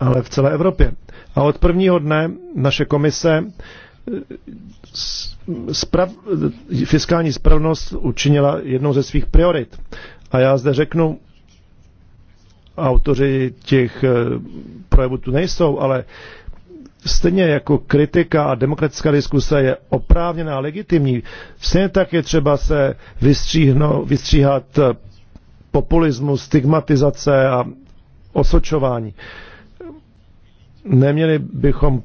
Speaker 2: ale v celé Evropě. A od prvního dne naše komise eh, sprav, fiskální spravnost učinila jednou ze svých priorit. A já zde řeknu, autoři těch eh, projevů tu nejsou, ale stejně jako kritika a demokratická diskuse je oprávněná a legitimní, stejně tak je třeba se vystříhnout, vystříhat populismu, stigmatizace a osočování. Neměli bychom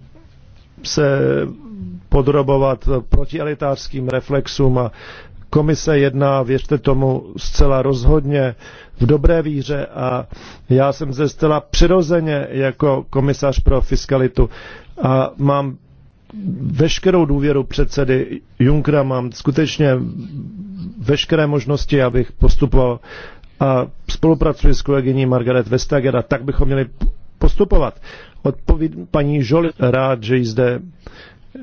Speaker 2: se podrobovat protielitářským reflexům a komise jedná, věřte tomu, zcela rozhodně v dobré víře a já jsem zde zcela přirozeně jako komisař pro fiskalitu a mám veškerou důvěru předsedy Junkra, mám skutečně veškeré možnosti, abych postupoval a spolupracuji s kolegyní Margaret Vestager a tak bychom měli postupovat. Odpověd paní Žoli, rád, že ji zde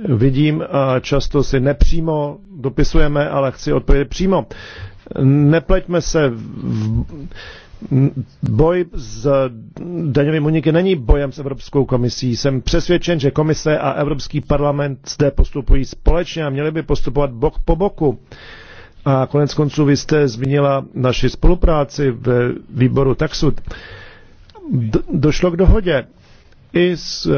Speaker 2: vidím a často si nepřímo dopisujeme, ale chci odpovědět přímo. Nepleťme se v Boj s daňovým uniky není bojem s Evropskou komisí. Jsem přesvědčen, že komise a Evropský parlament zde postupují společně a měli by postupovat bok po boku. Uh, a konec konců vy jste zmínila naši spolupráci ve výboru Taxud. Došlo k dohodě i s eh,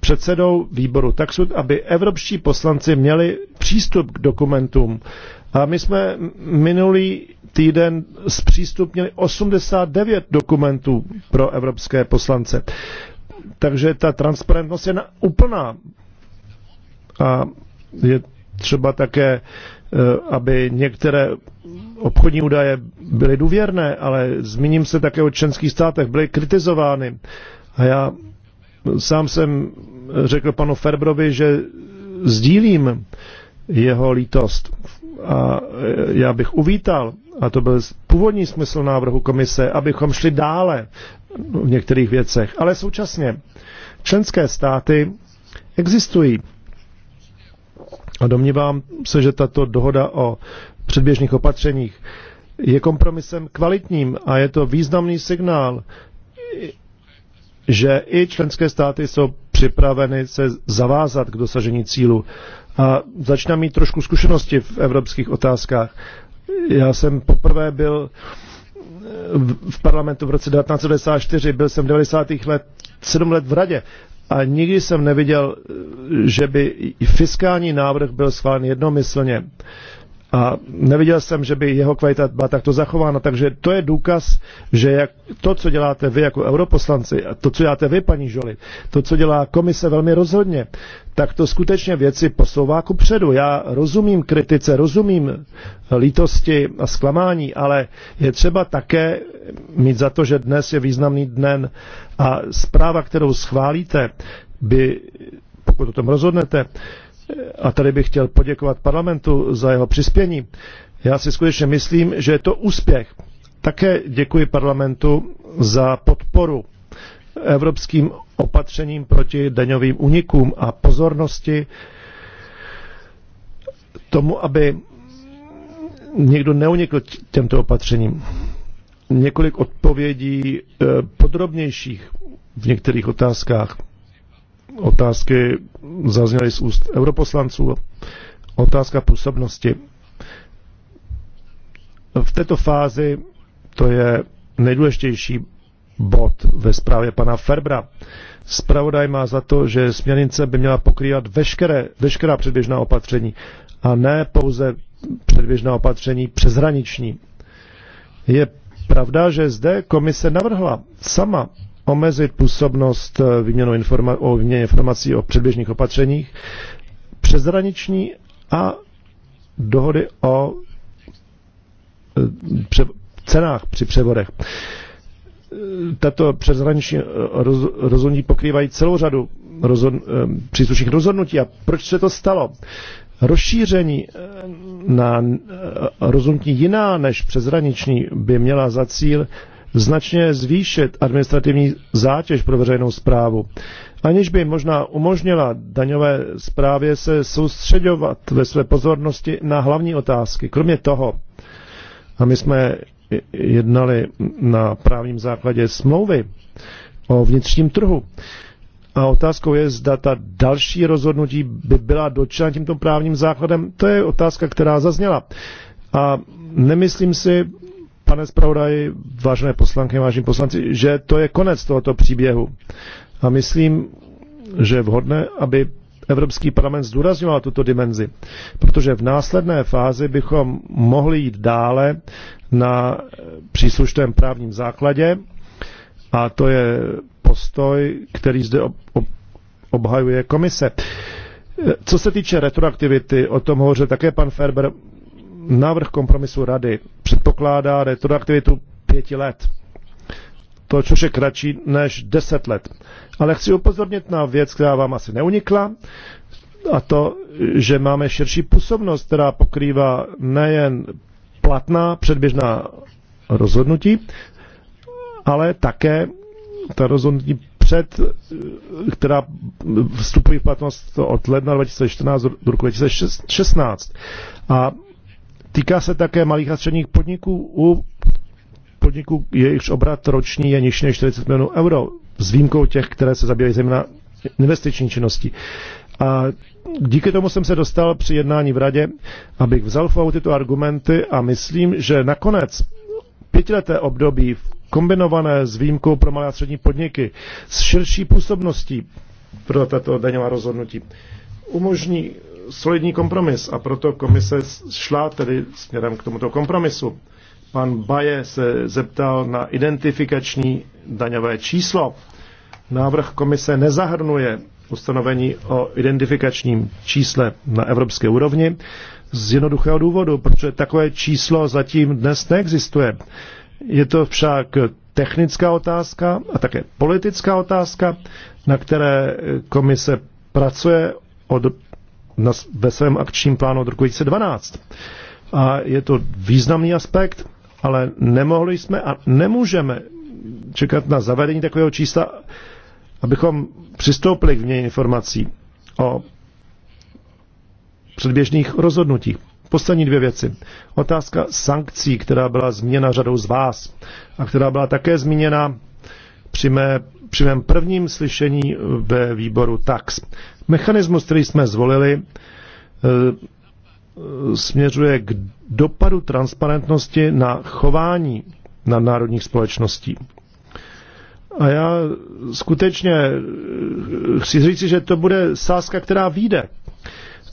Speaker 2: předsedou výboru Taxud, aby evropští poslanci měli přístup k dokumentům. A my jsme minulý týden zpřístupnili 89 dokumentů pro evropské poslance. Takže ta transparentnost je na, úplná. A je třeba také Eh, aby některé obchodní údaje byly důvěrné, ale zmíním se také o členských státech, byly kritizovány. A já sám jsem řekl panu Ferbrovi, že sdílím jeho lítost. A eh, já bych uvítal, a to byl původní smysl návrhu komise, abychom šli dále v některých věcech. Ale současně členské státy existují a domnívám se, že tato dohoda o předběžných opatřeních je kompromisem kvalitním a je to významný signál, že i členské státy jsou připraveny se zavázat k dosažení cílu. A začínám mít trošku zkušenosti v evropských otázkách. Já jsem poprvé byl eh, v parlamentu v roce 1994, byl jsem v 90. let 7 let v radě a nikdy jsem neviděl, že by fiskální návrh byl schválen jednomyslně a neviděl jsem, že by jeho kvalita byla takto zachována, takže to je důkaz, že jak to, co děláte vy jako europoslanci, a to, co děláte vy, paní Žoli, to, co dělá komise velmi rozhodně, tak to skutečně věci posouvá ku předu. Já rozumím kritice, rozumím lítosti a zklamání, ale je třeba také mít za to, že dnes je významný den a zpráva, kterou schválíte, by, pokud o tom rozhodnete, a tady bych chtěl poděkovat parlamentu za jeho přispění. Já si skutečně myslím, že je to úspěch. Také děkuji parlamentu za podporu evropským opatřením proti daňovým unikům a pozornosti tomu, aby někdo neunikl těmto opatřením. Několik odpovědí eh, podrobnějších v některých otázkách. Otázky zazněly z úst europoslanců. Otázka působnosti. V této fázi to je nejdůležitější bod ve zprávě pana Ferbra. Spravodaj má za to, že směrnice by měla pokrývat veškeré, veškerá předběžná opatření a ne pouze předběžná opatření přeshraniční. Je pravda, že zde komise navrhla sama omezit působnost eh, výměnu informa- o výměně informací o předběžných opatřeních, přezraniční a dohody o eh, pře- cenách při převodech. Eh, tato přezraniční roz- rozhodnutí pokrývají celou řadu rozhod- příslušných rozhodnutí. A proč se to stalo? Rozšíření na rozhodnutí jiná než přezraniční by měla za cíl značně zvýšit administrativní zátěž pro veřejnou zprávu, aniž by možná umožnila daňové zprávě se soustředovat ve své pozornosti na hlavní otázky. Kromě toho, a my jsme jednali na právním základě smlouvy o vnitřním trhu, a otázkou je, zda ta další rozhodnutí by byla dotčena tímto právním základem. To je otázka, která zazněla. A nemyslím si, pane zpravodaji, vážené poslanky, vážení poslanci, že to je konec tohoto příběhu. A myslím, že je vhodné, aby Evropský parlament zdůrazňoval tuto dimenzi, protože v následné fázi bychom mohli jít dále na příslušném právním základě a to je postoj, který zde ob, ob, obhajuje komise. Co se týče retroaktivity, o tom hovořil také pan Ferber, Návrh kompromisu rady předpokládá retroaktivitu pěti let. To, což je kratší než deset let. Ale chci upozornit na věc, která vám asi neunikla, a to, že máme širší působnost, která pokrývá nejen platná předběžná rozhodnutí, ale také ta rozhodnutí před, která vstupují v platnost od ledna 2014 do roku 2016. A Týká se také malých a středních podniků. U podniků jejichž obrat roční je nižší než 40 milionů euro, s výjimkou těch, které se zabývají zejména investiční činností. A díky tomu jsem se dostal při jednání v radě, abych vzal v úvahu tyto argumenty a myslím, že nakonec pětileté období kombinované s výjimkou pro malé a střední podniky s širší působností pro tato daňová rozhodnutí umožní solidní kompromis a proto komise šla tedy směrem k tomuto kompromisu. Pan Baje se zeptal na identifikační daňové číslo. Návrh komise nezahrnuje ustanovení o identifikačním čísle na evropské úrovni z jednoduchého důvodu, protože takové číslo zatím dnes neexistuje. Je to však technická otázka a také politická otázka, na které komise pracuje od na, ve svém akčním plánu od roku 2012. A je to významný aspekt, ale nemohli jsme a nemůžeme čekat na zavedení takového čísla, abychom přistoupili k vně informací o předběžných rozhodnutích. Poslední dvě věci. Otázka sankcí, která byla zmíněna řadou z vás a která byla také zmíněna při, mé, při mém prvním slyšení ve výboru TAX. Mechanismus, který jsme zvolili, eh, směřuje k dopadu transparentnosti na chování na národních společností. A já skutečně eh, chci říci, že to bude sázka, která vyjde.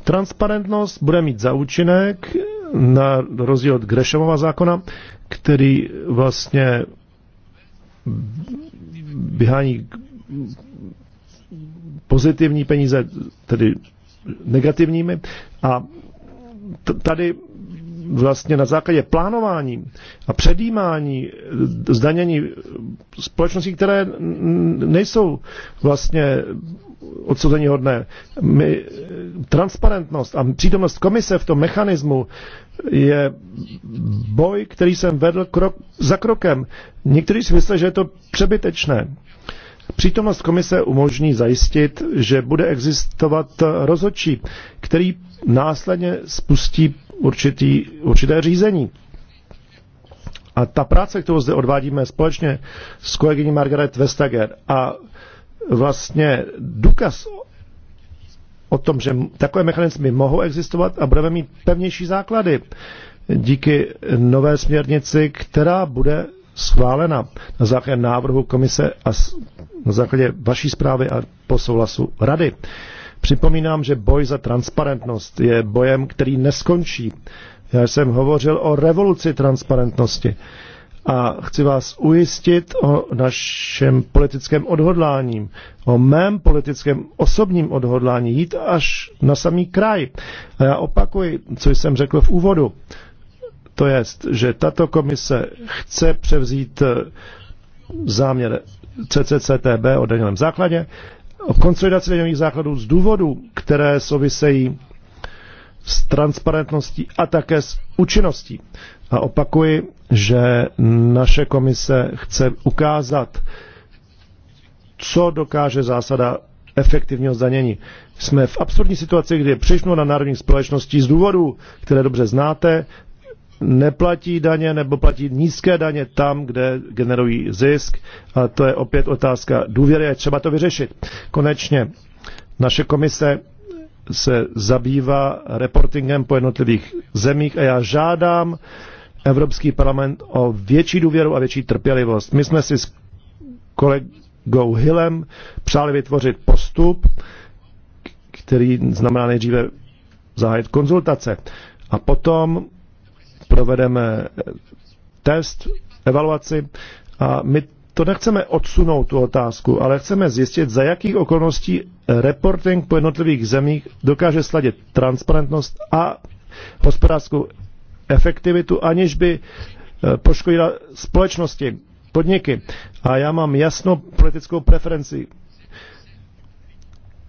Speaker 2: Transparentnost bude mít za účinek, na rozdíl od Grešovova zákona, který vlastně vyhání pozitivní peníze, tedy negativními. A tady vlastně na základě plánování a předjímání eh, zdanění společností, které nejsou vlastně odsouzení hodné. My, eh, transparentnost a přítomnost komise v tom mechanismu je boj, který jsem vedl krok za krokem. Někteří si myslí, že je to přebytečné. Přítomnost komise umožní zajistit, že bude existovat rozhodčí, který následně spustí určitý, určité řízení. A ta práce, kterou zde odvádíme společně s kolegyní Margaret Vestager a vlastně důkaz o tom, že takové mechanismy mohou existovat a budeme mít pevnější základy díky nové směrnici, která bude schválena na základě návrhu komise a na základě vaší zprávy a po souhlasu rady. Připomínám, že boj za transparentnost je bojem, který neskončí. Já jsem hovořil o revoluci transparentnosti a chci vás ujistit o našem politickém odhodlání, o mém politickém osobním odhodlání jít až na samý kraj. A já opakuji, co jsem řekl v úvodu. To je, že tato komise chce převzít eh, záměr CCCTB o daňovém základě, o konsolidaci daňových základů z důvodů, které souvisejí s transparentností a také s účinností. A opakuji, že naše komise chce ukázat, co dokáže zásada efektivního zdanění. Jsme v absurdní situaci, kdy je na národní společnosti z důvodů, které dobře znáte, neplatí daně nebo platí nízké daně tam, kde generují zisk. A to je opět otázka důvěry, je třeba to vyřešit. Konečně naše komise se zabývá reportingem po jednotlivých zemích a já žádám Evropský parlament o větší důvěru a větší trpělivost. My jsme si s kolegou Hillem přáli vytvořit postup, který znamená nejdříve zahájit konzultace a potom provedeme eh, test, evaluaci a my to nechceme odsunout tu otázku, ale chceme zjistit, za jakých okolností reporting po jednotlivých zemích dokáže sladit transparentnost a hospodářskou efektivitu, aniž by eh, poškodila společnosti, podniky. A já mám jasnou politickou preferenci.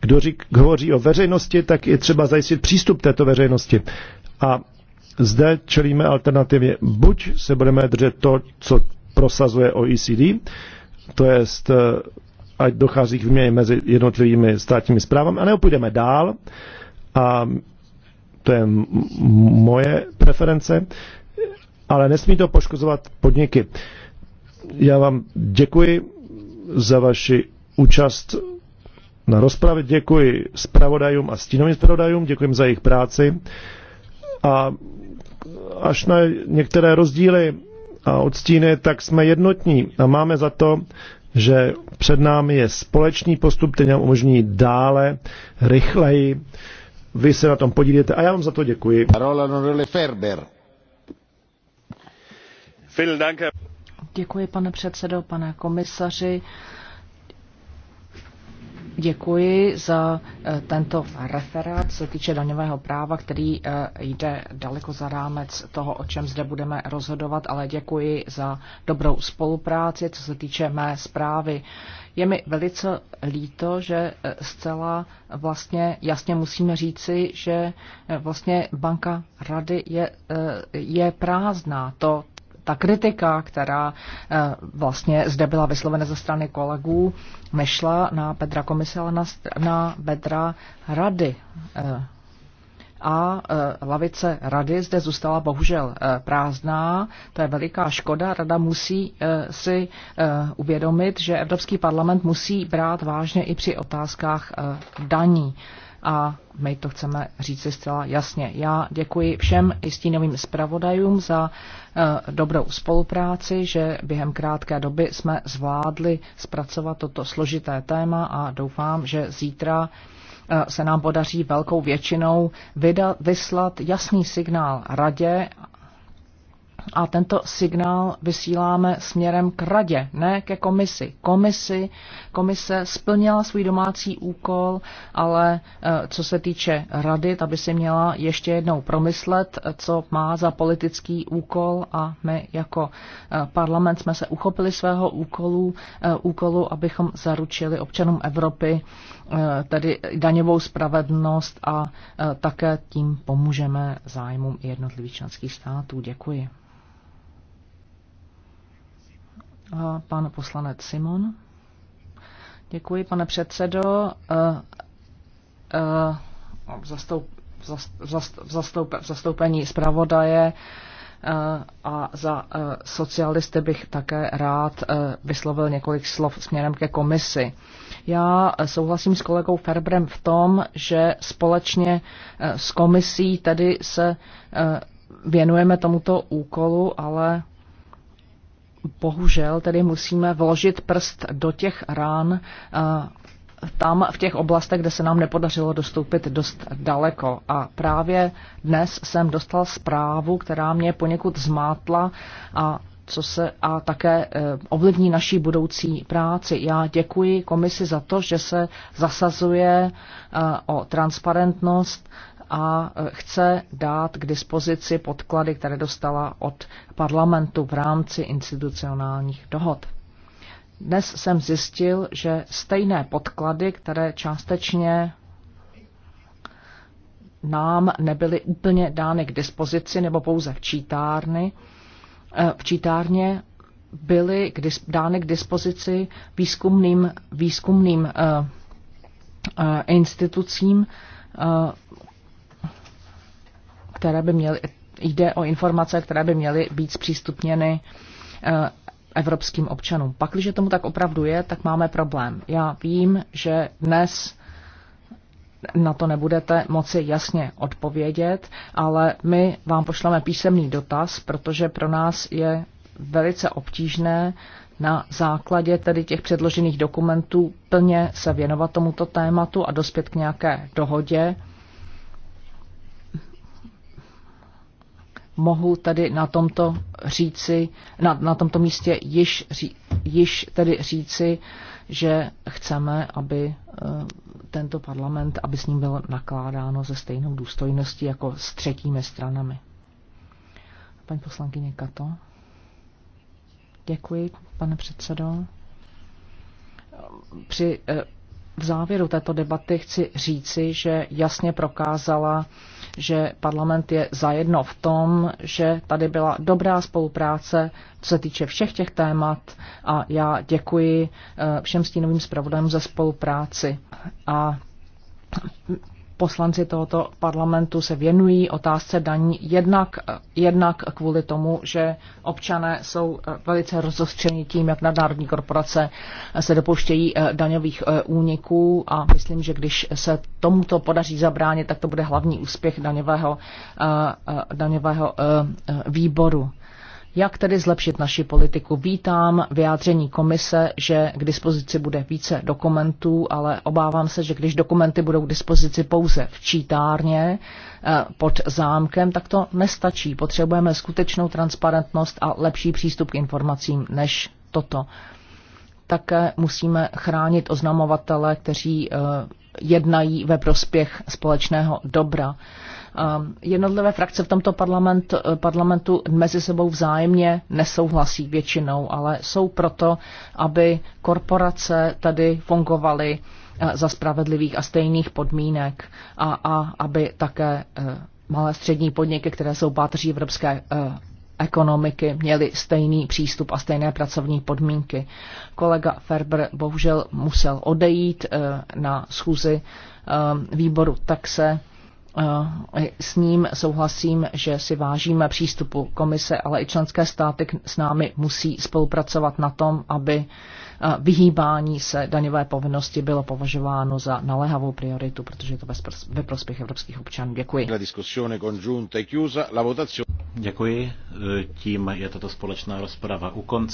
Speaker 2: Kdo řík, hovoří o veřejnosti, tak je třeba zajistit přístup této veřejnosti. A zde čelíme alternativě. Buď se budeme držet to, co prosazuje OECD, to je eh, ať dochází k výměně mezi jednotlivými státními zprávami, anebo půjdeme dál a to je moje preference, ale nesmí to poškozovat podniky. Já vám děkuji za vaši účast na rozpravě, děkuji zpravodajům a stínovým zpravodajům, děkuji za jejich práci a až na některé rozdíly a odstíny, tak jsme jednotní a máme za to, že před námi je společný postup, který nám umožní dále, rychleji. Vy se na tom podílíte a já vám za to děkuji. Ferber.
Speaker 3: Děkuji, pane předsedo, pane komisaři. Děkuji za eh, tento referát, co se týče daňového práva, který eh, jde daleko za rámec toho, o čem zde budeme rozhodovat, ale děkuji za dobrou spolupráci, co se týče mé zprávy. Je mi velice líto, že eh, zcela vlastně jasně musíme říci, že vlastně banka rady je, je prázdná. To ta kritika, která eh, vlastně zde byla vyslovena ze strany kolegů, nešla na Petra komise, ale na, Petra rady. Eh, a eh, lavice rady zde zůstala bohužel prázdná. To je veliká škoda. Rada musí si uvědomit, že Evropský parlament musí brát vážně i při otázkách daní a my to chceme říci zcela jasně. Já děkuji všem stínovým zpravodajům za eh, dobrou spolupráci, že během krátké doby jsme zvládli zpracovat toto složité téma a doufám, že zítra eh, se nám podaří velkou většinou vydat, vyslat jasný signál radě a tento signál vysíláme směrem k radě, ne ke komisi. komisi komise splnila svůj domácí úkol, ale eh, co se týče rady, ta by si měla ještě jednou promyslet, eh, co má za politický úkol a my jako eh, parlament jsme se uchopili svého úkolu, úkolu abychom zaručili občanům Evropy tedy daňovou spravedlnost a také tím pomůžeme zájmům jednotlivých členských států. Děkuji. Pan poslanec Simon. Děkuji, pane předsedo. E, e, v zastoupení zpravodaje e, a za socialisty bych také rád vyslovil několik slov směrem ke komisi. Já souhlasím s kolegou Ferbrem v tom, že společně s komisí tedy se věnujeme tomuto úkolu, ale bohužel tedy musíme vložit prst do těch rán eh, tam v těch oblastech, kde se nám nepodařilo dostoupit dost daleko. A právě dnes jsem dostal zprávu, která mě poněkud zmátla a co se a také eh, ovlivní naší budoucí práci. Já děkuji komisi za to, že se zasazuje eh, o transparentnost, a e, chce dát k dispozici podklady, které dostala od parlamentu v rámci institucionálních dohod. Dnes jsem zjistil, že stejné podklady, které částečně nám nebyly úplně dány k dispozici nebo pouze v čítárny, e, v čítárně byly k dis- dány k dispozici výzkumným, výzkumným uh, uh, institucím, uh, které by měly, jde o informace, které by měly být zpřístupněny eh, evropským občanům. Pak, když tomu tak opravdu je, tak máme problém. Já vím, že dnes na to nebudete moci jasně odpovědět, ale my vám pošleme písemný dotaz, protože pro nás je velice obtížné na základě tedy těch předložených dokumentů plně se věnovat tomuto tématu a dospět k nějaké dohodě mohu tedy na tomto říci, na, na tomto místě již, ří, již tedy říci, že chceme, aby eh, tento parlament, aby s ním bylo nakládáno ze stejnou důstojností jako s třetími stranami. Paní poslankyně Kato. Děkuji, pane předsedo. Při eh, v závěru této debaty chci říci, že jasně prokázala, že parlament je zajedno v tom, že tady byla dobrá spolupráce, co se týče všech těch témat a já děkuji eh, všem stínovým zpravodajům za spolupráci. A poslanci tohoto parlamentu se věnují otázce daní jednak, jednak kvůli tomu, že občané jsou eh, velice rozostřeni tím, jak nadnárodní korporace eh, se dopouštějí eh, daňových úniků a myslím, že když se tomuto podaří zabránit, tak to bude hlavní úspěch daňového, daňového výboru. Jak tedy zlepšit naši politiku? Vítám vyjádření komise, že k dispozici bude více dokumentů, ale obávám se, že když dokumenty budou k dispozici pouze v čítárně eh, pod zámkem, tak to nestačí. Potřebujeme skutečnou transparentnost a lepší přístup k informacím než toto. Také musíme chránit oznamovatele, kteří eh, jednají ve prospěch společného dobra. Ehm, jednotlivé frakce v tomto parlament, eh, parlamentu mezi sebou vzájemně nesouhlasí většinou, ale jsou proto, aby korporace tady fungovaly eh, za spravedlivých a stejných podmínek a, a aby také eh, malé střední podniky, které jsou páteří evropské ekonomiky měli stejný přístup a stejné pracovní podmínky. Kolega Ferber bohužel musel odejít na schůzi výboru taxe Eh, eh, s ním souhlasím, že si vážíme přístupu komise, ale i členské státy s námi musí spolupracovat na tom, aby eh, vyhýbání se daňové povinnosti bylo považováno za naléhavou prioritu, protože je to ve prospěch evropských občanů. Děkuji. E
Speaker 1: Děkuji. Tím je tato společná rozprava u konce.